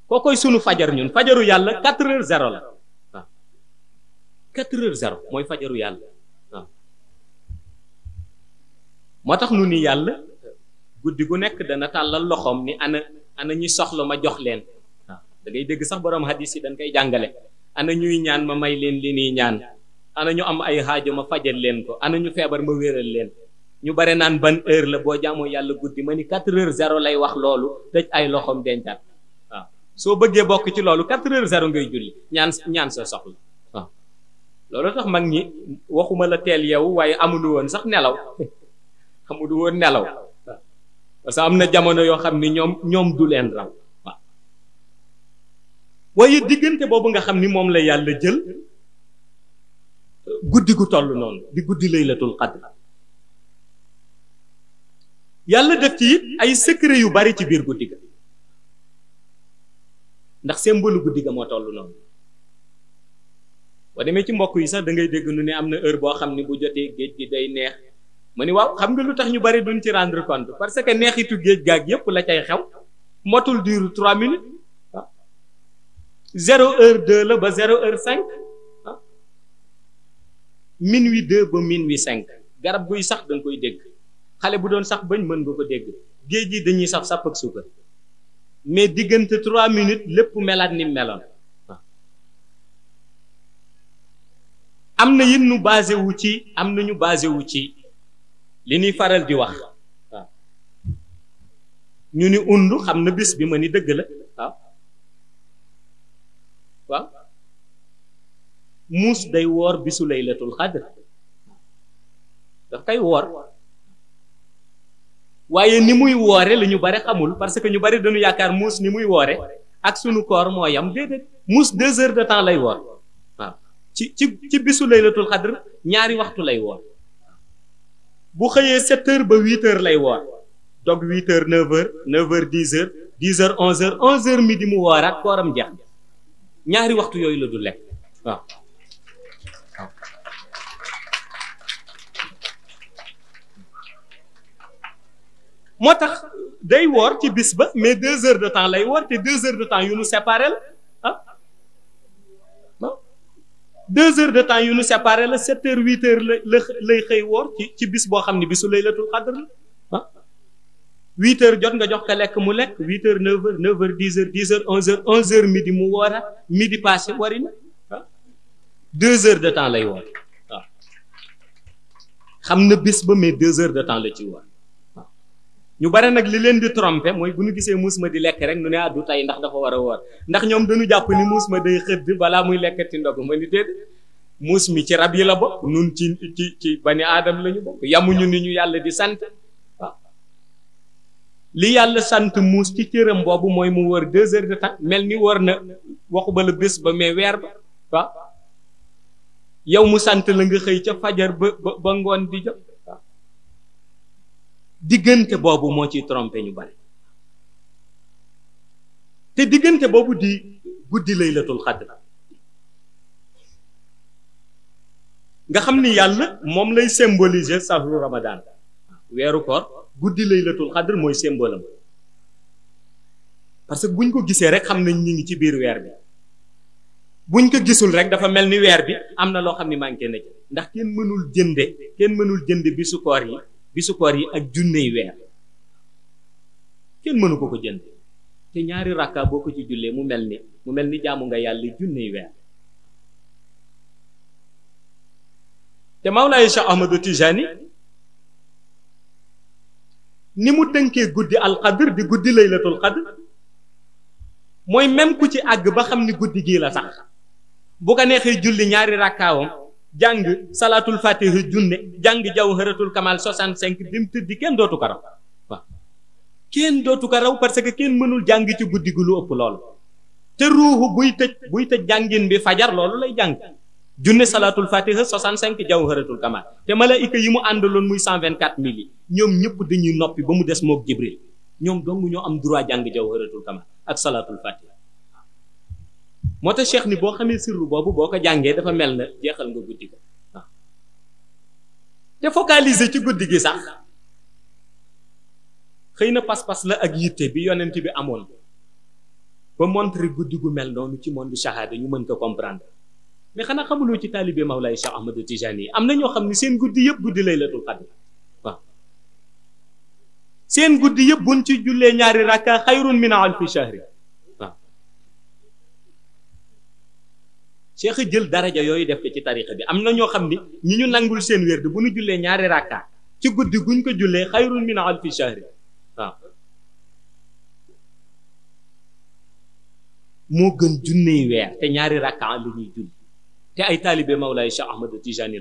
kookoy sunu fajar ñun fajaru yàlla quatre heures zéro la waaw quatre mooy fajaru yàlla moo tax nu ni yàlla guddi gu nekk dana tàllal loxoom ni ana ana ñi soxla ma jox leen dangay dégg sax borom hadis yi dañ koy jàngale ana ñuy ñaan ma may leen li ñuy ñaan ana ñu am ay xaajo ma fajal leen ko ana ñu feebar ma wéral leen ñu bare naan ban heure la boo jaamoo yàlla guddi ma ni quatre heures zéro lay wax loolu tëj ay loxoom dencaat soo bëggee bokk ci loolu quatre heures zéro ngay julli ñaan ñaan sa soxla waaw ah. loolu tax mag ñi waxuma la teel yow waaye amuñu woon sax nelaw amuñu woon nelaw parce am na jamono yoo xam ni ñoom ñoom du leen raw waaw waaye diggante boobu nga xam ni moom la yàlla jël guddi gu toll noonu di guddi lay laylatul qadr yàlla def ci it ay secret yu bari ci biir guddi ga ndax seen symbole guddi ga moo tollu noonu boo demee ci mbokk yi sax da ngay dégg nu ne am na heure boo xam ne bu jotee géej gi day neex ma ni waaw xam nga lu tax ñu bari duñ ci rendre compte parce que neexitu géej gaag yëpp la cay xew motul diiru trois minutes ah zéro heure deux la ba zéro heure cinq ah minuit deux ba minuit cinq garab guy sax da nga koy dégg xale bu doon sax bañ mën nga ko dégg géej gi dañuy saf sàpp ak suukar mais diggante trois minutes lépp melaat ni meloon am na yit nu basé ci am na ñu basé wu ci li ñuy faral di wax ñu ni undu xam na bis bi ma ni dëgg la waaw waaw muus day woor bisu laylatul xadr daf koy woor waaye ni muy woore la ñu bari xamul parce que ñu bari dañu yaakaar muus ni muy woore ak sunu koor moo yam déedéet muus deux heures de temps lay woor waaw ci ci ci bisu laylatul xadr ñaari waxtu lay woor bu xëyee sept ba huit heures lay woor dog huit heures neuf heures neuf heures dix heures dix heures onze heures onze heures midi mu wooraat kooram jeex ñaari waxtu yooyu la du lekk waaw moo tax day woor ci bis ba mais deux heures de temps lay woor te deux heures de temps yu nu séparé la ah de temps yu nu séparé la sept heures huit heures la lay xëy woor ci bis boo xam ne bisu laylatul xadr la ah huit heures jot nga jox ko lekk mu lekk huit heures neuf heures neuf heures dix heures dix heures onze heures onze heures mu woora midi passé wari na ah deux heures de temps lay woor xam na bis ba mais deux heures de temps la ci woor ñu bare nag li leen di tromper mooy bu ñu gisee muus ma di lekk rek nu ne ah du tey ndax dafa war a woor ndax ñoom dañu jàpp ni muus ma day xëdd balaa muy lekkati ndog ma ni déet muus mi ci rab yi la ba nun ci ci ci bani aadam lañu ñu yamuñu ni ñu yàlla di sant li yàlla sant muus ci cëram boobu mooy mu wër deux heures de temps mel ni war na waxu ba la bés ba mais weer ba waaw mu sant la nga xëy ca fajar ba ba ngoon di jot diggante boobu moo ciy trompé ñu bari te diggante boobu di guddi lay laylatul xadr nga xam ni yàlla moom lay symboliser sahru ramadan weeru koor guddi laylatul xadr mooy symbole am parce que buñ ko gisee rek xam nañ ñu ngi ci biir weer bi buñ ko gisul rek dafa mel ni weer bi am na loo xam ni manqué na ndax kenn mënul jënde kenn mënul jënde bi su yi bisu yi ak junney weer kenn mënu ko ko jënd te ñaari rakka boo ko ci jullee mu mel ni mu mel ni jaamu nga yàlla junney weer te Mawlaay Cheikh Ahmadu Tijaani ni mu tënkee guddi alxadr di guddi laylatul xadr mooy même ku ci àgg ba xam ni guddi gii la sax bu ko neexee julli ñaari rakkaawam jàng salaatul fatiha junne jàng jawharatul kamal 65 bi mu tëddi kenn dootu ko raw kenn dootu ko raw parce que kenn mënul jàng ci guddi gu lu ëpp loolu te ruuxu buy tëj buy tëj jàngin bi fajar loolu lay jàng junne salaatul fatiha 65 jawharatul kamal te malaayika yi mu àndaloon muy 124 mille yi ñoom ñëpp dañuy noppi ba mu des mook jibril ñoom dong ñoo am droit jàng jawharatul kamal ak salaatul fatiha moo te cheikh ni boo xamee sirru boobu boo ko jàngee dafa mel na jeexal nga guddi ko te focaliser ci guddi gi sax xëy na pas-pas la ak yitte bi yonent bi amoon ba montre guddi gu mel noonu ci monde shahada ñu mën ko comprendre mais xanaa xamuloo ci taalibe Mawlaay Cheikh Ahmadou Tijani yi am na ñoo xam ne seen guddi yëpp guddi lay laylatul qadr waaw seen guddi yëpp buñ ci jullee ñaari rakka xayrun min alfi shahri cheikh jël daraja yooyu def ko ci tarixa bi am na ñoo xam ni ñi ñu nangul seen wérd bu ñu jullee ñaari rakka ci guddi guñ ko jullee xayrun min alfi shahri waaw moo gën junney weer te ñaari rakka li ñuy julli te ay taalibe Mawlaay Cheikh Ahmad Tijani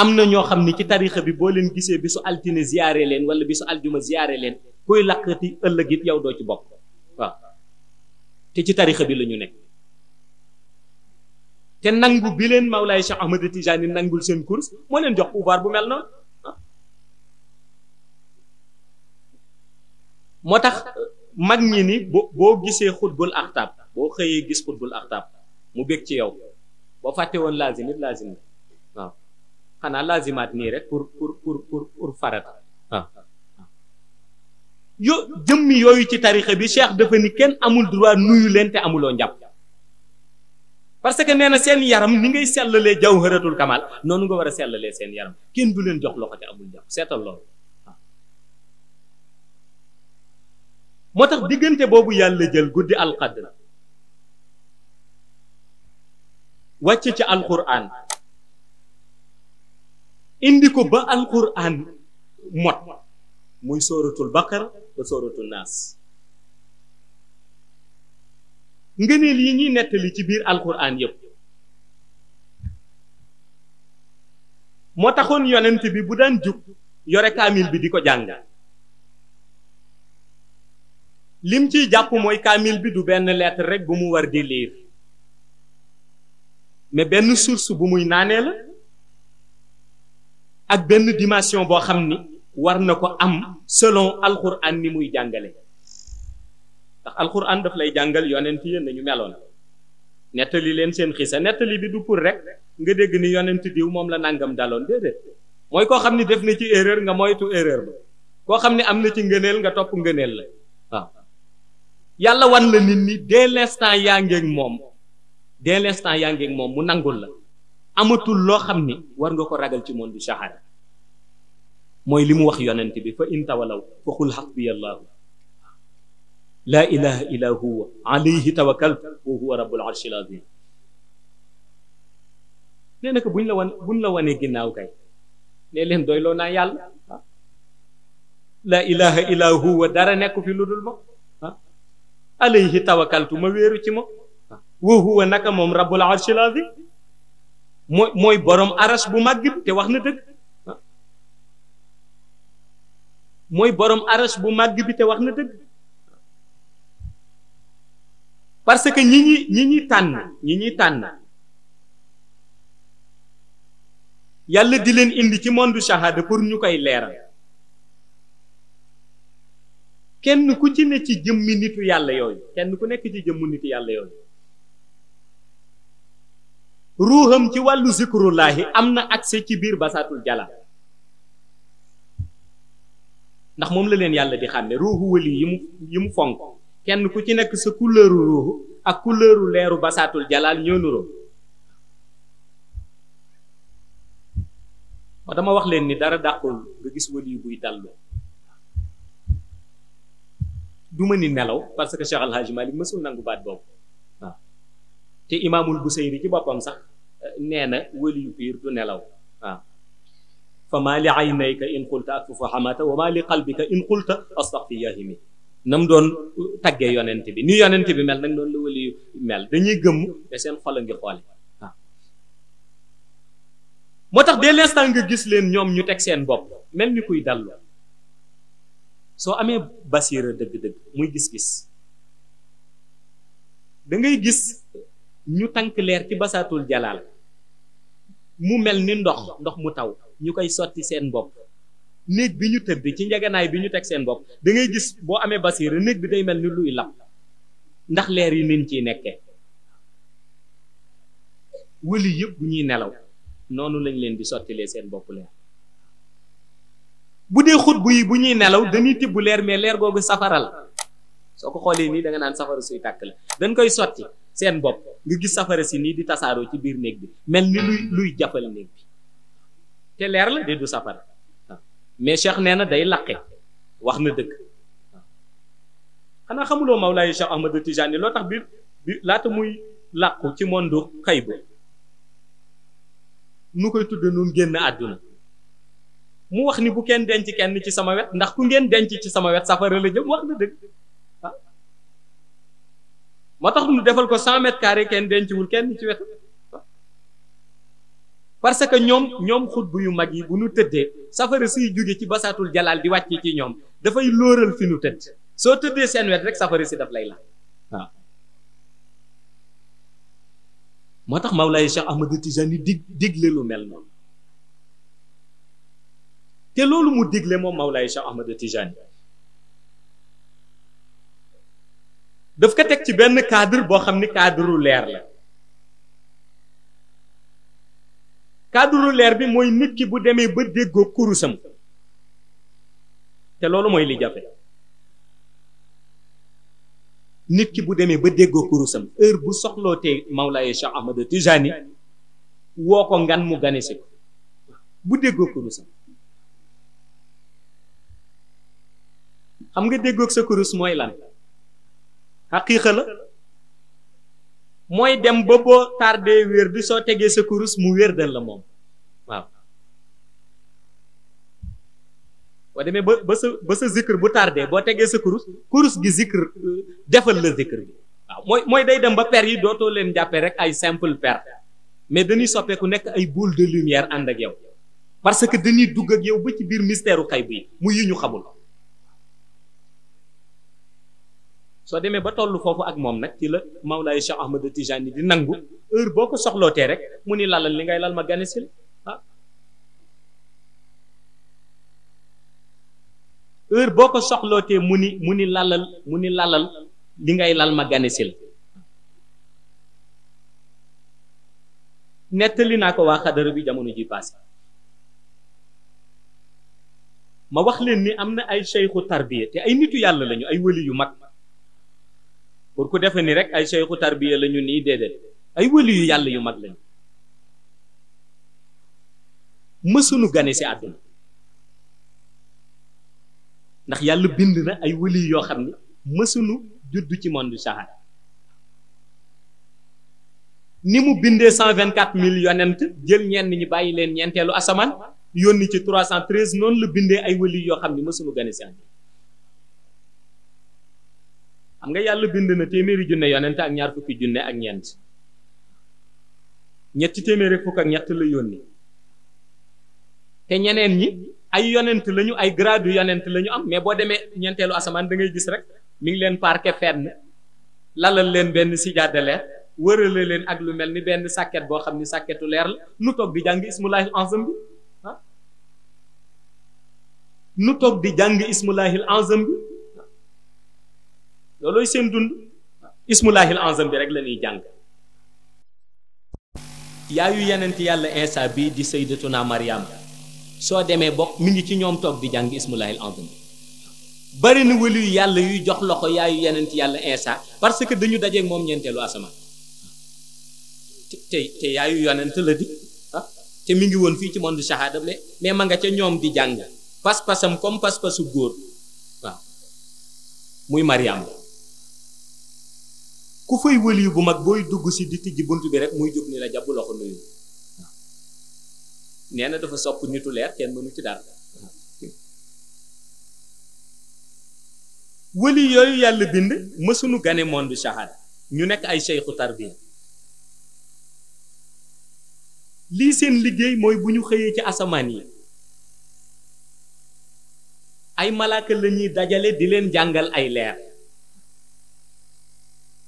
am na ñoo xam ni ci tarixa bi boo leen gisee bisu altine ziyaare leen wala bisu aljuma ziyaare leen kuy lakkati ëllëg it yow doo ci bokk waaw te ci tarixa bi la ñu nekk te nangu bi leen Mawlaay Cheikh Ahmad Tijani nangul seen course moo leen jox pouvoir bu mel noonu moo tax mag ñi ni boo boo gisee xutbul axtaab boo xëyee gis xutbul axtaab mu bég ci yow boo fàtte woon laazim it laazim waaw xanaa laazimaat nii rek pour pour pour pour farata waaw yo jëmmi yooyu ci tarixa bi cheikh dafa ni kenn amul droit nuyu leen te amuloo njàpp parce que nee na seen yaram ni ngay sellalee jawharatul kamal noonu nga war a sellalee seen yaram kenn du leen jox loxo te amul njàpp seetal loolu moo tax diggante boobu yàlla jël guddi alqadr wàcc ci alquran indi ko ba alquran mot muy sóoratul baqara ba sóoratu naas ngëneel yi ñuy nettali ci biir alquran yëpp moo taxoon yonent bi bu daan jug yore kaamil bi di ko jàng lim ciy jàpp mooy kaamil bi du benn lettre rek bu mu war di liir mais benn source bu muy naanee la ak benn dimension boo xam ni war na ko am selon alxuraan ni muy jàngale ndax alxuraan daf lay jàngal yonent yi nañu meloon nettali leen seen xisa nettali bi du pour rek nga dégg ni yonent diw moom la nàngam daloon déedéet mooy koo xam ni def na ci erreur nga moytu erreur ba koo xam ni am na ci ngëneel nga topp ngëneel la yàlla wan la nit ñi dès l'instant yaa ngeeg moom dès l'instant yaa ngeeg moom mu nangul la amatul loo xam ni war nga ko ragal ci monde du saxaar mooy li mu wax yonent bi fa in tawalaw fa qul xasbiya allahu laa ilaha illa huwa wa huwa rabbul arshil azim nee na ko la wan buñ ginnaaw kay ne leen doy loo naa yàlla laa ilaha huwa dara nekku fi lu dul ma tawakkaltu ma wéeru ci ma huwa naka moom rabbul arshil azim mooy mooy borom aras bu màgg te wax na dëgg mooy borom arash bu màgg bi te wax na dëgg parce que ñi ñi ñi tànn ñi ñi tànn yàlla di leen indi ci monde shahada pour ñu koy leeral kenn ku ci ne ci jëmmi nitu yàlla yooyu kenn ku nekk ci jëmmu nitu yàlla yooyu ruuxam ci wàllu zikrullaahi am na accès ci biir basaatul jala ndax moom la leen yàlla di xàmme ruuxu wëli yi mu yi mu fonk kenn ku ci nekk sa couleuru ruuxu ak couleuru leeru basaatul jalaal ñoo nuroo moo dama wax leen ni dara dàqul nga gis wëli buy dallu du ma ni nelaw parce que Cheikh Alhaji Malick mësul nangu baat boobu waaw te imaamul Busayri ci boppam sax nee na wëli yu piir du nelaw fa maa li aynayka in qulta akfufu xamata wa maa li qalbika in qulta astaqfi yahimi nam doon taggee yonent bi ni yonent bi mel nag doon la wali mel dañuy gëmm te seen xol a ngi xoole moo tax dès l'instant nga gis leen ñoom ñu teg seen bopp mel ni kuy dallu soo amee basiira dëgg-dëgg muy gis-gis da ngay gis ñu tànk leer ci basaatul jalaal mu mel ni ndox ndox mu taw ñu koy sotti seen bopp néeg bi ñu tëdd ci njaganaay bi ñu teg seen bopp da gis boo amee basiira néeg bi day mel ni luy lap ndax leer yi nin ciy nekkee wëli yëpp bu ñuy nelaw noonu lañ leen di sottilee seen bopp leer bu dee xut bu yi bu ñuy nelaw dañuy tibb leer mais leer googu safara la soo ko xoolee nii da naan safara suy tàkk la dañ koy sotti seen bopp nga gis safara si nii di tasaaroo ci biir néeg bi mel ni luy luy jafal néeg bi te leer la de du safara ah. mais cheikh nee na day laqe wax na dëgg ah. xanaa xamuloo Mawlaay Cheikh Ahmadu Tijaani loo tax bi bi laata muy làqu ci mondu xaybu nu koy tudd nun génn àdduna mu wax ni bu kenn denc kenn ci sama wet ndax ku ngeen denc ci sama wet safara la jëm wax na dëgg ah. moo tax nu defal ko cent mètres carrés kenn denciwul kenn ci wet parce que ñoom ñoom xutbu yu mag yi bu ñu tëddee safara siy jóge ci basaatul jalaal di wàcc ci ñoom dafay lóoral fi nu tëdd soo tëddee seen wet rek safara si daf lay la waaw moo tax Mawlaay Cheikh Ahmad Tijani dig digle lu mel noonu te loolu mu digle moom Mawlaay Cheikh Ahmad Tijani daf ko teg ci benn cadre boo xam ni cadre leer la cadre leer bi mooy nit ki bu demee ba déggoo kurusam te loolu mooy li jafe nit ki bu demee ba déggoo kurusam heure bu soxlootee Mawlaaye Cheikh Ahmada Tijani woo ko ngan mu ganesi ko bu déggoo kurusam xam nga déggoog sa kurus mooy lan xaqiiqa la mooy dem ba boo tardé wér di soo tegee sa kurus mu wér dal la moom waaw boo demee ba ba sa ba sa zikr bu tardé boo tegee sa kurus kurus gi zikr euh, defal la zikr bi waaw mooy mooy day dem ba per yi dootoo leen jàppee rek ay simple per mais dañuy soppeeku nekk ay boule de lumière ànd ak yow parce que dañuy dugg ak yow ba ci biir mystère u xay bi mu yi ñu xamul soo demee ba toll foofu ak moom nag ci la Mawlaay Cheikh Ahmad Tijani di nangu heure boo ko soxlootee rek mu ni lalal li ngay lal ma gane si la ah. boo ko soxlootee mu ni mu ni lalal mu ni lalal li lal ma gane si naa ko waa xadara bi jamono ji passé ma wax leen ni am na ay seyxu tarbiya te ay nitu yàlla lañu ay wëli yu mag pour ku defe ni rek ay seyxu tarbiya la ñu nii déedéet ay wëli yu yàlla yu mag lañu mësunu gane si àdduna ndax yàlla bind na ay wëli yoo xam ne mësunu juddu ci monde sahara ni mu bindee cent vingt quatre mille yonent jël ñenn ñi bàyyi leen ñeenteelu asamaan yónni ci trois cent treize noonu la bindee ay wëli yoo xam ne mësunu gane si àdduna xam nga yàlla bind na téeméeri junne yonent ak ñaar fukki junne ak ñeent ñetti téeméeri fukk ak ñett la yónni te ñeneen ñi ay yonent lañu ay gradu yonent lañu am mais boo demee ñeenteelu asamaan da ngay gis rek mi ngi leen parqué fenn lalal leen benn sijaada leer wërale leen ak lu mel ni benn sàkket boo xam ni sàkketu leer la nu toog di jàng ismulaahil azam bi ah? nu toog di jàng ismulaahil azam bi loolooy seen dund ismulaahil anzam bi rek la ñuy jàng yaayu yenent yàlla insa bii di sayyidatuna Mariam soo demee bokk mi ngi ci ñoom toog di jàng ismulaahil anzam bi bari na wëlu yàlla yuy jox loxo yaayu yenent yàlla insa parce que dañu dajeeg moom ñeenteelu asamaan te te yaayu yonent la di ah, te mi ngi woon fii ci monde shahada mais mais ma nga ca ñoom di jàng pas-pasam comme pas-pasu góor waaw muy Mariam ku fay wëliw bu mag booy dugg si di tijji bunt bi rek muy jóg ni la jàpp loxo nuyu nee na dafa sopp nitu leer kenn mënu ci dara wëli yooyu yàlla bind mësuñu gane monde shahada ñu nekk ay seyxu tarbiya lii seen liggéey mooy bu ñu xëyee ci asamaan yi ay malaaka la ñuy dajale di leen jàngal ay leer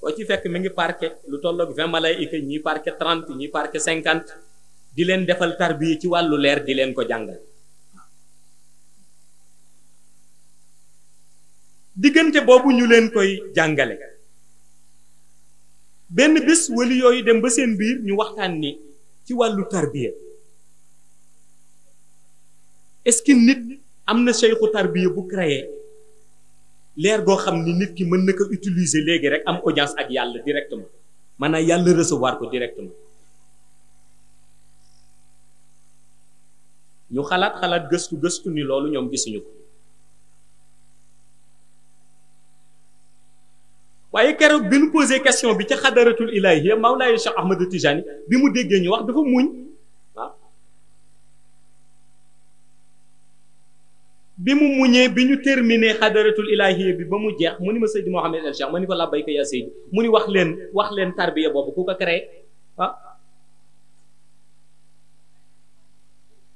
oo ci fekk mi ngi parqué lu tolloog vingt malaayika ñii parqué trente ñii parqué cinquante di leen defal tarbiya ci wàllu leer di leen ko jàngal diggante boobu ñu leen koy jàngale benn bés wali yooyu dem ba seen biir ñu waxtaan ni ci wàllu tarbiya est-ce nit am na seyxu tarbiya bu créé leer goo xam ni nit ki mën na ko utiliser léegi rek am audience ak yàlla directement maanaam yàlla recevoir ko directement ñu xalaat xalaat gëstu gëstu ni loolu ñoom gisuñu ko waaye keroog bi nu posé question bi ca xadaratul ilaahiya Mawlaaya Cheikh Ahmadu Tijaani bi mu déggee ñu wax dafa muñ bi mu muñee bi ñu terminé xadaratul ilahiyya bi ba mu jeex mu ni ma Seydi Mouhamed El Cheikh ma ni ko labbayka yaa Seydi mu ni wax leen wax leen tarbiya boobu ku ko créé ah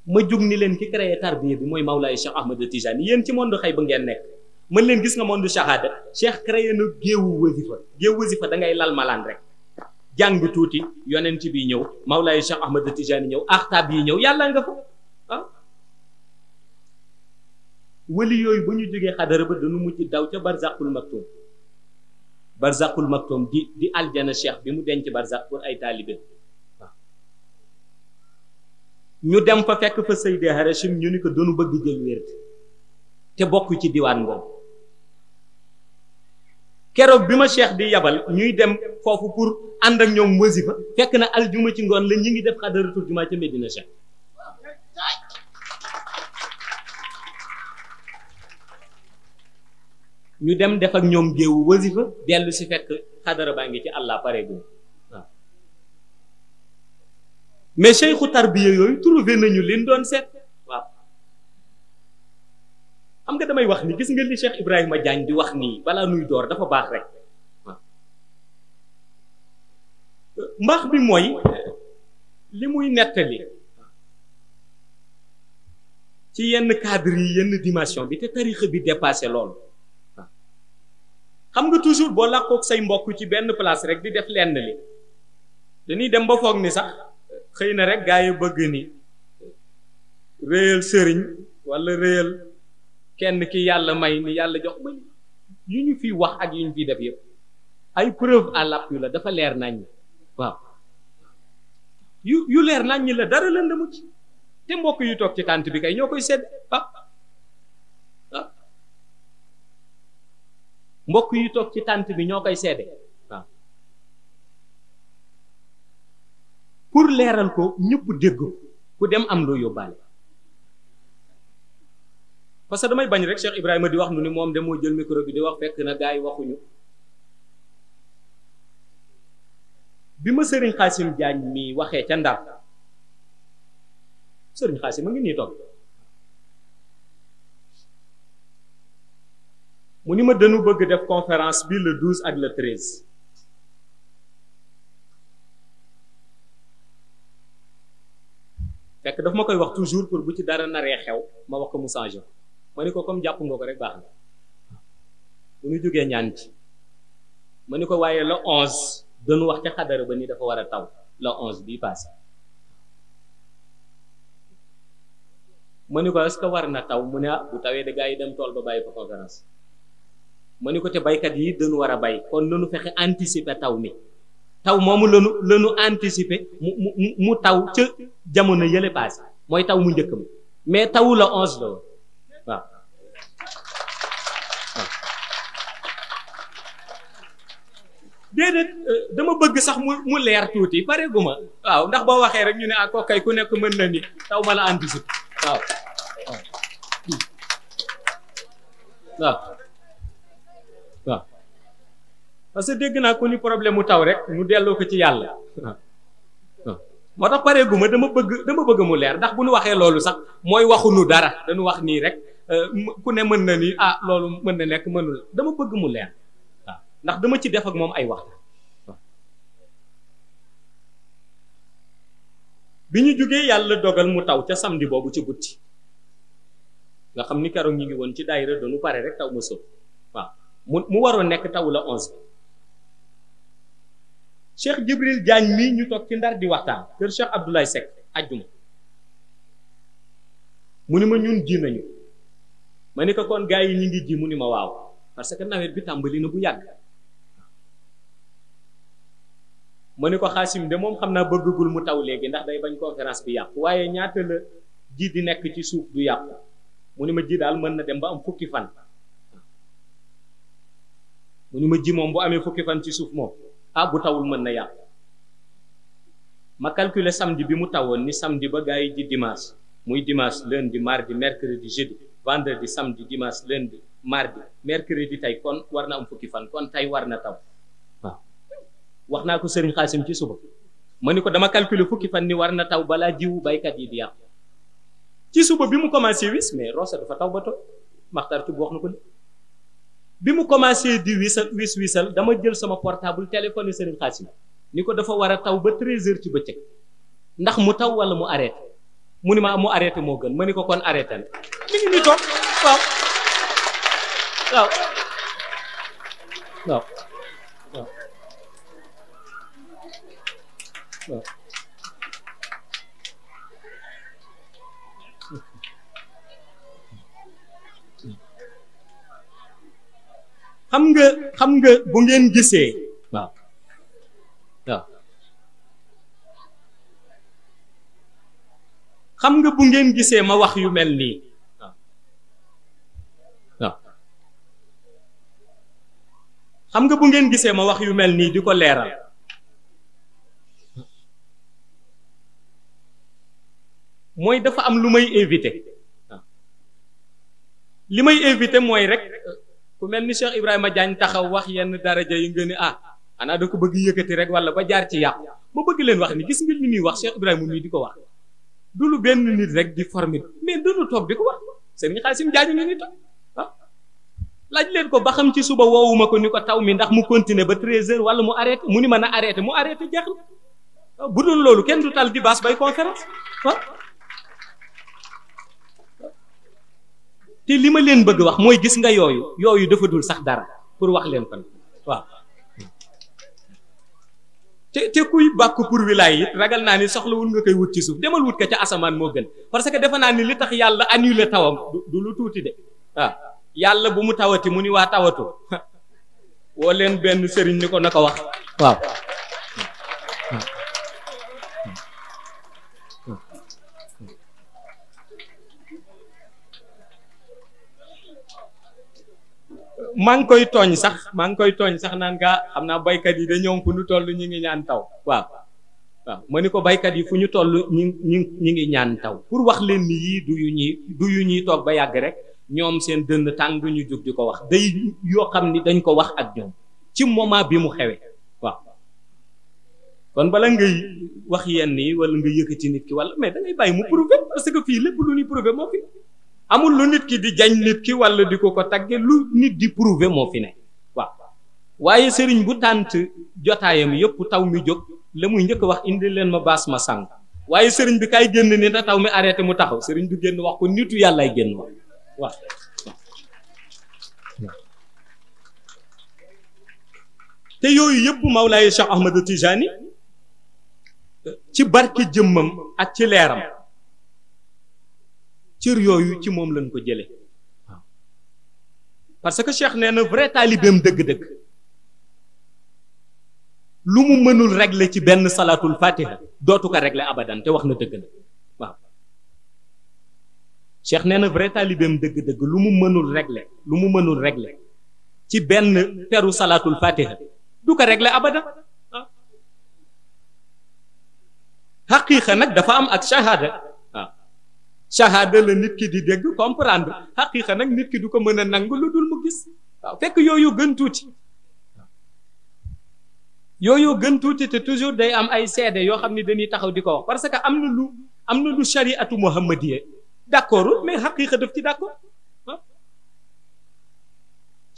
ma jug ni leen ki créé tarbiya bi mooy Mawlaay Cheikh Ahmad Tijani yéen ci monde xay bu ngeen nekk mën leen gis nga monde shahada Cheikh créé na géewu wasifa géewu wasifa da ngay lal malaan rek jàng tuuti yonent bi ñëw Mawlaay Cheikh Ahmad Tijani ñëw axtaab yi ñëw yàlla nga fa. wali yooyu ba ñu jógee xadara ba dañu mujj daw ca barzaqul maktoum barzaqul maktoum di di aljana cheikh bi mu denc barzaq pour ay taalibe ñu dem fa fekk fa Seydi Hachim ñu ni ko dañu bëgg jël wérd te bokk ci diwaan ngoon keroog bi ma cheikh di yabal ñuy dem foofu pour ànd ak ñoom wasifa fekk na aljuma ci ngoon la ñi ngi def xadaratul jumaa ca Medina cheikh ñu dem def ak ñoom géewu wasifa dellu si fekk xadara baa ngi ci allah pare gu waaw mais seyxu tarbiya yooyu trouvé nañu leen doon seet waaw xam nga damay wax ni gis nga li Cheikh Ibrahima Diagne di wax nii balaa nuy door dafa baax rek waaw mbaax bi mooy li muy nettali ci yenn cadre yi yenn dimension bi te tarixa bi dépassé loolu xam nga toujours boo làkkook say mbokk ci benn place rek di def lenn li dañuy dem ba foog ni sax xëy na rek gaa yi bëgg ni réyal sëriñ walla réyal kenn ki yàlla may ni yàlla jox ba yu ñu fi wax ak yu ñu fiy def yëpp ay preuve à l'appui la dafa leer nañ waaw yu yu leer nañ la dara lëndëmu ci te mbokk yu toog ci tànt bi kay ñoo koy sedd mbokk yi toog ci tànt bi ñoo koy seede waaw pour leeral ko ñëpp dégg ku dem am loo yóbbaale parce que damay bañ rek Cheikh Ibrahima di wax nu ni moom de moo jël micro bi di wax fekk na gaa yi waxuñu bi ma sëriñ Xaasim Jaañ mi waxee ca Ndar sëriñ Xaasim ngi nii toog mu ni ma dañu bëgg def conférence bi le 12 ak le 13 fekk daf ma koy wax toujours pour bu ci dara naree xew ma wax ko mu changé ma ni ko comme jàpp nga ko rek baax na bu ñu jógee ñaan ci ma ni ko waaye la 11 dañu wax ca xadara ba ni dafa war a taw le 11 bii passé ma ni ko est-ce war na taw mu ne ah, bu tawee da gaa yi dem tool ba bàyyi fa conférence ma ni ko te baykat yi dañu war a bay kon lanu fexe anticiper taw mi taw moomu lanu lanu anticiper mu mu mu taw ca jamono yële paase mooy taw mu njëkk ma mais tawu la onze la waaw déedéet euh, dama bëgg sax mu mu leer tuuti pareegu ma waaw ndax boo waxee rek ñu ne ak ah, kokkay ku nekk mën na ni taw ma la anticiper waaw waaw hmm. parce que dégg naa ko ni problème mu taw rek ñu delloo ko ci yàlla moo tax paree guma dama bëgg dama bëgg mu leer ndax bu nu waxee loolu sax mooy waxuñu dara dañu wax nii rek euh, ku ne mën na nii ah loolu mën na nekk mënul dama bëgg mu leer ndax dama ci def ak moom ay wax bi ñu jógee yàlla dogal mu taw ca samedi boobu ci guddi nga xam ni keroog ñu ngi woon ci daayira doonu pare rek taw ma sëb waaw mu mu waroon nekk taw la onze Cheikh Jibril Diagne mii ñu toog ci ndar di waxtaan kër Cheikh Abdoulaye Seck ajjuma mu ni ma ñun ji nañu ma ni ko kon gars yi ñu ngi ji mu ni ma waaw parce que nawet bi tàmbali na bu yàgg ma ni ko xaasim de moom xam naa bëggagul mu taw léegi ndax day bañ conférence bi yàqu waaye ñaata la ji di nekk ci suuf du yàqu mu ni ma ji daal mën na dem ba am fukki fan mu ni ma ji moom bu amee fukki fan ci suuf moom ah bu tawul mën na yàqu ma calculer samedi bi mu tawoon ni samedi ba gars yi di dimanche muy dimanche lundi mardi mercredi jeudi vendredi samedi dimanche lundi mardi mercredi tey kon war na am fukki fan kon tey war na taw waaw wax naa ko sëriñ Xaasim ci suba ma ni ko dama calculer fukki fan ni war na taw balaa jiwu baykat yi di yàqu ci suba bi mu commencé wis mais Rosso dafa taw ba tooy Maxtar Thioub wax na ko léegi bi mu commencé di wisal wis wisal dama jël sama portable téléphone Serigne Khassim ni ko dafa war a taw ba 13h ci bëccëg ndax mu taw wala mu arrêté mu ni ma mu arrêté moo gën ma ni ko kon arrêté la mi toog waaw waaw waaw xam nga xam nga bu ngeen gisee waaw xam nga bu ngeen gisee ma wax yu mel nii xam nga bu ngeen gisee ma wax yu mel nii di ko leeral mooy dafa am lu may invité li may invité mooy rek. ku mel ni Cheikh Ibrahima Diagne taxaw wax yenn daraja yi nga ne ah xanaa da ko bëgg yëkkati rek wala ba jaar ci yàqu ma bëgg leen wax ni gis nga ñu muy wax Cheikh Ibrahima mii di ko wax du lu benn nit rek di formé mais du lu toog di ko wax sëriñ Xaasim Jaañ ni toog ah laaj leen ko ba xam ci suba woowuma ko ni ko taw mi ndax mu continuer ba 13h wala mu arrêté mu ni mën a arrêté mu arrêté jeex na ah, bu dul loolu kenn du tal bi baas bay conférence ah te li ma leen bëgg wax mooy gis nga yooyu yooyu dafa dul sax dara pour wax leen kon waaw te te kuy bàkk pour wilaay yi ragal naa ni soxlawul nga koy wut ci suuf demal wut ko ca asamaan moo gën parce que defe naa ni li tax yàlla annulé tawam du lu tuuti de waaw yàlla bu mu tawati mu ni waa tawatoo woo leen benn sëriñ ni ko na ko wax waaw maa ngi koy tooñ sax maa ngi koy tooñ sax naan kaa xam naa baykat yi da ñoom fu ñu toll ñu ngi ñaan taw waaw waaw ma ni ko baykat yi fu ñu toll ñu ñu ñu ngi ñaan taw pour wax leen ni yii du yu ñuy du yu ñuy toog ba yàgg rek ñoom seen dënn tàng ñu jóg di ko wax day yoo xam ni dañ ko wax ak ñoom ci moment bi mu xewee waaw kon bala ngay wax yenn yi wala nga yëkkati nit ki wala mais da bàyyi mu prouvé parce que fii lépp lu ñuy prouvé moo fi amul lu nit ki di jañ nit ki walla di ko ko tagge lu nit di prouver moo fi ne waaw waaye sëriñ bu tànt jotaayam yëpp taw mi jóg la muy njëkk wax indi leen ma baas ma sàng waaye sëriñ bi kay génn ni na taw mi arrêté mu taxaw sëriñ bi génn wax ko nitu yàllaay génn wax waaw te yooyu yëpp Mawlaay Cheikh Ahmad Tijani ci barke jëmmam ak ci leeram cër yooyu ci moom lañ ko jëlee waaw parce que Cheikh nee na vrai taalibeem dëgg-dëgg lu mu mënul régler ci benn salaatul fatiha dootu ko régler abadan te wax na dëgg la waaw nee na vrai taalibeem dëgg-dëgg lu mu mënul régler lu mu mënul régler ci benn peru salaatul fatiha du ko régler abadan xaqiiqa nag dafa am ak shahada shahada la nit ki di dégg comprendre xaqiqa nag nit ki du ko mën a nangu lu dul mu gis fekk yooyu gën tuuti yooyu gën tuuti te toujours day am ay seede yoo xam ne dañuy taxaw di ko wax parce que am na lu am na lu shariatu muhammadiye d'accordul mais xaqiqa daf ci d'accord ah.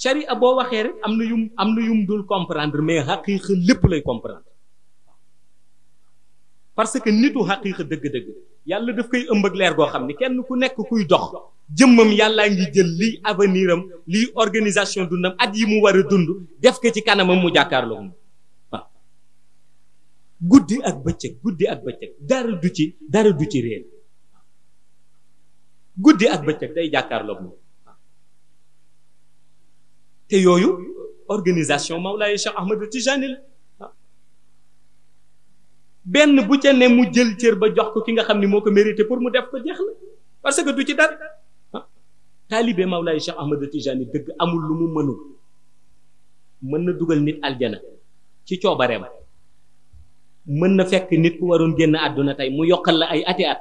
sharia boo waxee rek am na yum am na yum dul comprendre mais xaqiqa lépp lay comprendre parce que nitu xaqiiqa dëgg-dëgg yàlla daf koy ëmb ak leer goo xam ni kenn ku nekk kuy dox jëmmam yàllaa ngi jël liy avenir am liy organisation dundam at yi mu war a dund def ko ci kanamam mu jàkkaarloo moom waaw guddi ak bëccëg guddi ak bëccëg dara du ci réer guddi ak bëccëg day jàkkaarloo moom te yooyu organisation Mawlaay Cheikh Ahmad Tijani la benn bu ca ne mu jël cër ba jox ko ki nga xam ni moo ko mérité pour mu def ko jeex la parce que du ci dara ah taalibe Mawlaay Cheikh Ahmad Tijani dëgg amul lu mu mënul mën na dugal nit aljana ci coobareem mën na fekk nit ku waroon génn àdduna tey mu yokkal la ay ati at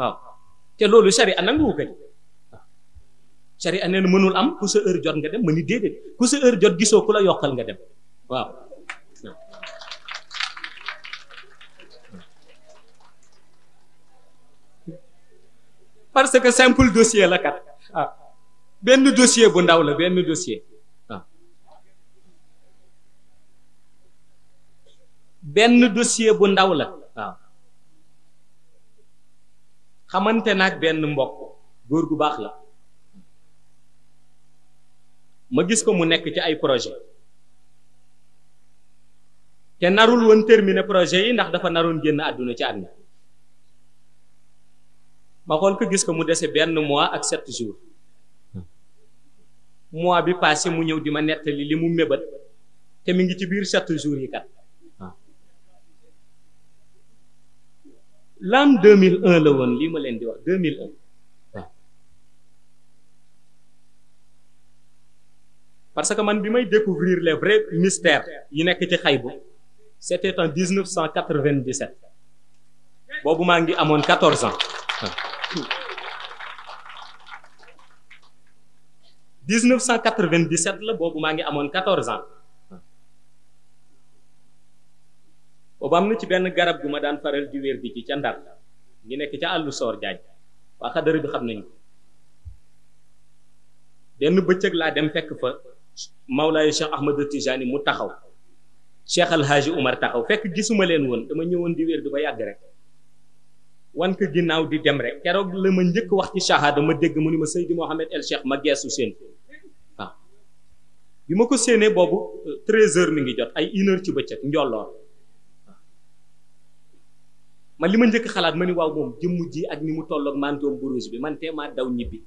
waaw te loolu sharia nanguwu ko waaw sharia nee na mënul am ku sa heure jot nga dem mëni déedéet ku sa heure jot gisoo ku la yokkal nga dem waaw parce que simple dossier la kat ah. benn dossier bu ndaw la benn dossier ah. benn dossier bu ndaw la xamante ah. xamante naag benn mbokk góor gu baax la ma gis ko mu nekk ci ay projet te narul woon terminer projet yi ndax dafa naroon génn àdduna ci àdduna baxoon ko gis ko mu dese benn mois ak sept jours mois bi passé mu ñëw di ma nettali li mu mébat te mi ngi ci biir sept jours yi kat ah. l'an 2001 la woon lii ma leen di wax 2001 ah. parce que man bi may découvrir les vrais mystères yi nekk ci xaybu c'était en 1997 boobu maa ngi amoon 14 ans ah. 1997 la boobu maa ngi amoon 14 ans boobu am na ci benn garab gu ma daan faral di wér di ci ca Ndar ngi nekk ca àllu soor jaaj waa xadara bi xam nañu benn bëccëg laa dem fekk fa Mawlaayu Cheikh Ahmad Tijani mu taxaw Cheikh Alhaaji Umar taxaw fekk gisuma leen woon dama ñëwoon di wér di ba yàgg rek wan ko ginnaaw di dem rek keroog la ma njëkk wax ci shahada ma dégg mu ni ma Seydi Mohamed El Cheikh ma geesu seen waaw bi ma ko séenee boobu treize heures mi ngi jot ay une ci bëccëg njolloor man li ma njëkk xalaat ma ni waaw moom jëmmu ji ak ni mu tolloog mantoom bu bi man teemaa daw ñibbi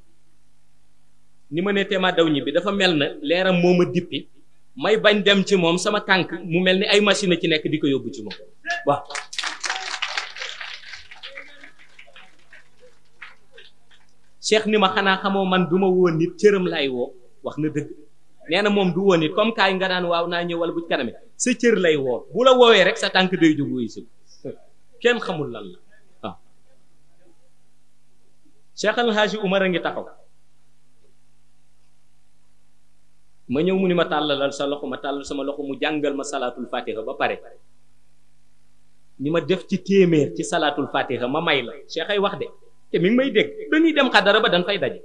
ni ma ne teemaa daw ñibbi dafa mel na leeram moo ma dippi may bañ dem ci moom sama tànk mu mel ni ay machine ci nekk di ko yóbbu ci moom cheikh ni ma xanaa xamoo man du ma woo nit cëram lay woo wax na dëgg nee na moom du woon nit comme kaay nga daan waaw naa ñëw wala bu ci kaname sa cër lay woo bu la woowee rek sa tànk day jóg wuyu si kenn xamul lan la waaw ah. cheikh alhaaji ngi taxaw ma ñëw mu ni ma tàllalal sa loxo ma tàllal sama loxo mu jàngal ma salaatul fatiha ba pare ni ma def ci téeméer ci salaatul fatiha ma may la cheikh ay wax de te mi ngi may dégg dañuy dem xadara ba dañ fay daje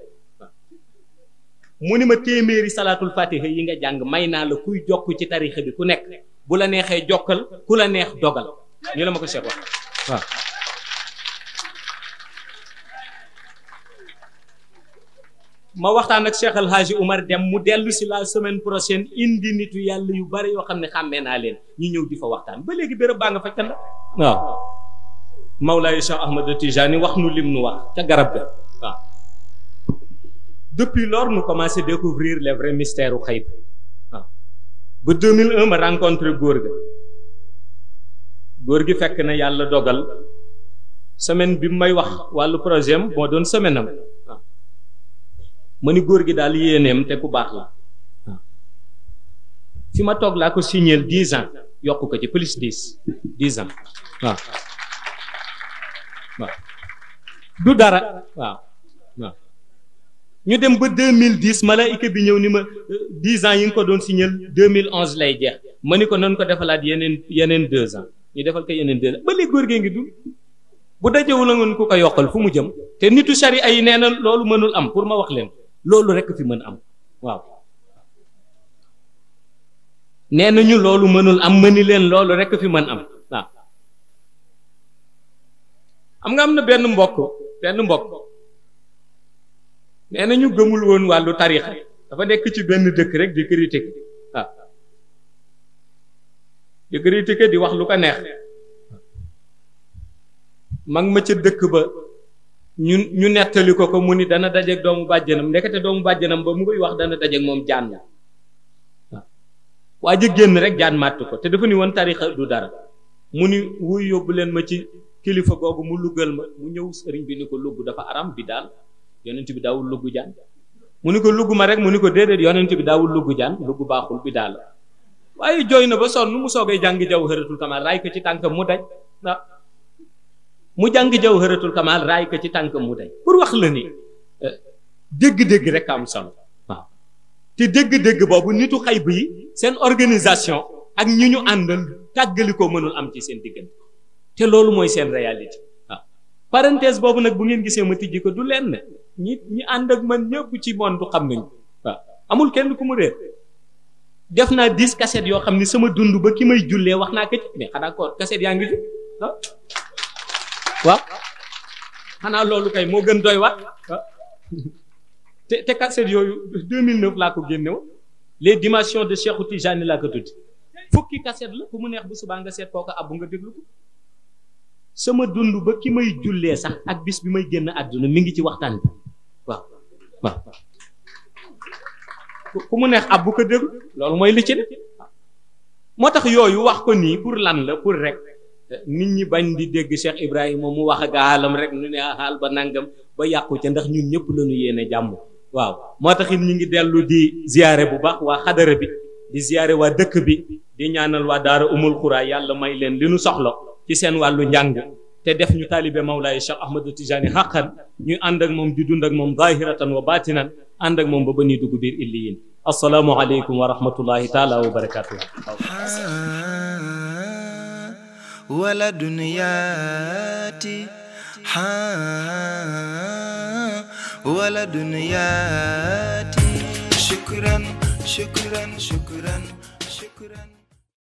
mu ni ma téeméeri salaatul fatiha yi nga jàng may naa la kuy jokk ci tarixa bi ku nekk bu la neexee jokkal ku la neex dogal ñu la ma ko Cheikh wax waaw ma waxtaan ak Cheikh Alhaji Oumar dem mu dellu si la semaine prochaine indi nitu yàlla yu bari yoo xam ne xàmmee naa leen ñu ñëw di fa waxtaan ba léegi béréb baa nga fa kenn waaw Mawlaay Cheikh Ahmad Tijani wax nu lim nu wax ca garab ga waaw depuis lors nu commencé découvrir les vrais mystères u xayb waaw ba 2001 ma rencontré góor gi fekk na yàlla dogal semaine bi may wax wàllu projet am moo doon semaine ma ni góor gi daal yéeneem te ku baax la fi ma toog laa ko signeel dix ans yokk ko ci plus dix dix ans waaw waaw du dara waaw waaw ñu dem ba mille 2010 malaayika bi ñëw ni ma 10 euh, ans yi nga ko doon si mille 2011 lay jeex ma ni ko nan ko defalaat yeneen yeneen 2 ans ñu defal ko yeneen 2 ans ba léegi góor gee ngi dund bu dajewu la ngeen ku ko yokkal fu mu jëm te nitu sari ay nee na loolu mënul am pour ma wax leen loolu rekk fi mën am waaw nee nañu loolu mënul am mëni leen loolu rekk fi mën am am nga am na benn mbokk benn mbokk nee na ñu gëmul woon wàllu tarixa dafa nekk ci benn dëkk rek di critiquer waaw di wax lu ko neex mag ma ca dëkk ba ñu ñu nettali ko ko mu ni dana dajeeg doomu bàjjanam ndekete doomu bàjjanam ba mu koy wax dana dajeeg moom jaan waa ji génn rek jaan màtt ko te dafa ni woon tarixa du dara mu ni wuy yóbbu leen ma ci kilifa googu mu luggal ma mu ñëw sëriñ bi ni ko lugg dafa aram bi daal yonent bi daawul lugg jaan mu ni ko lugg ma rek mu ni ko déedéet yonent bi daawul lugg jaan lugg baaxul bi daal waaye jooy na ba sonn mu soogee jàng jawharatul kamal raay ko ci tànkam mu daj mu jàng jawharatul kamal raay ko ci tànk mu daj pour wax la ni eh, dégg-dégg rek am solo waaw te dégg-dégg boobu nitu xay bi seen organisation ak ñi ñu àndal tàggali ko mënul am ci seen diggante te loolu mooy seen réalité waaw parenthèse boobu nag bu ngeen gisee ma tijji ko du lenn ñi ñi ànd ak man ñëpp ci moom du xam nañ waaw amul kenn ku mu réer def naa dix kaset yoo xam ni sama dund ba ki may jullee wax naa ko ci mais xanaa ko cassette yaa ngi fi ah xanaa loolu kay moo gën doy waat te te cassette yooyu 2009 laa ko génne woon les dimensions de Cheikhou Tidiane laa ko tuddi fukki cassette la ku mu neex bu subaa nga seet kooku abbu nga déglu sama dund ba ki may jullee sax ak bis bi may génn àdduna mi ngi ci waxtaan bi waaw ku mu neex ab bu ko déglu loolu mooy li ci moo tax yooyu wax ko nii pour lan la pour rek eh, nit ñi bañ di dégg Cheikh Ibrahima mu wax a gaalam rek nu ne xaal ba nangam ba yàqu ca ndax ñun ñëpp lañu yéene jàmm waaw moo tax it ñu ngi dellu di ziyaare bu baax waa xadara bi di ziyaare waa dëkk bi di ñaanal waa daara umul xuraa yàlla may leen li nu soxla ci seen wàllu njàng te def ñu taalibe Mawlaay Cheikh Ahmadou Tijaani xaqan ñuy ànd ak moom di dund ak moom zahiratan wa batinan ànd ak moom ba ba ñuy dugg biir illiyin assalaamu aleykum wa rahmatullahi taala wa barakatuh wala dunyaati wala dunyaati shukran shukran shukran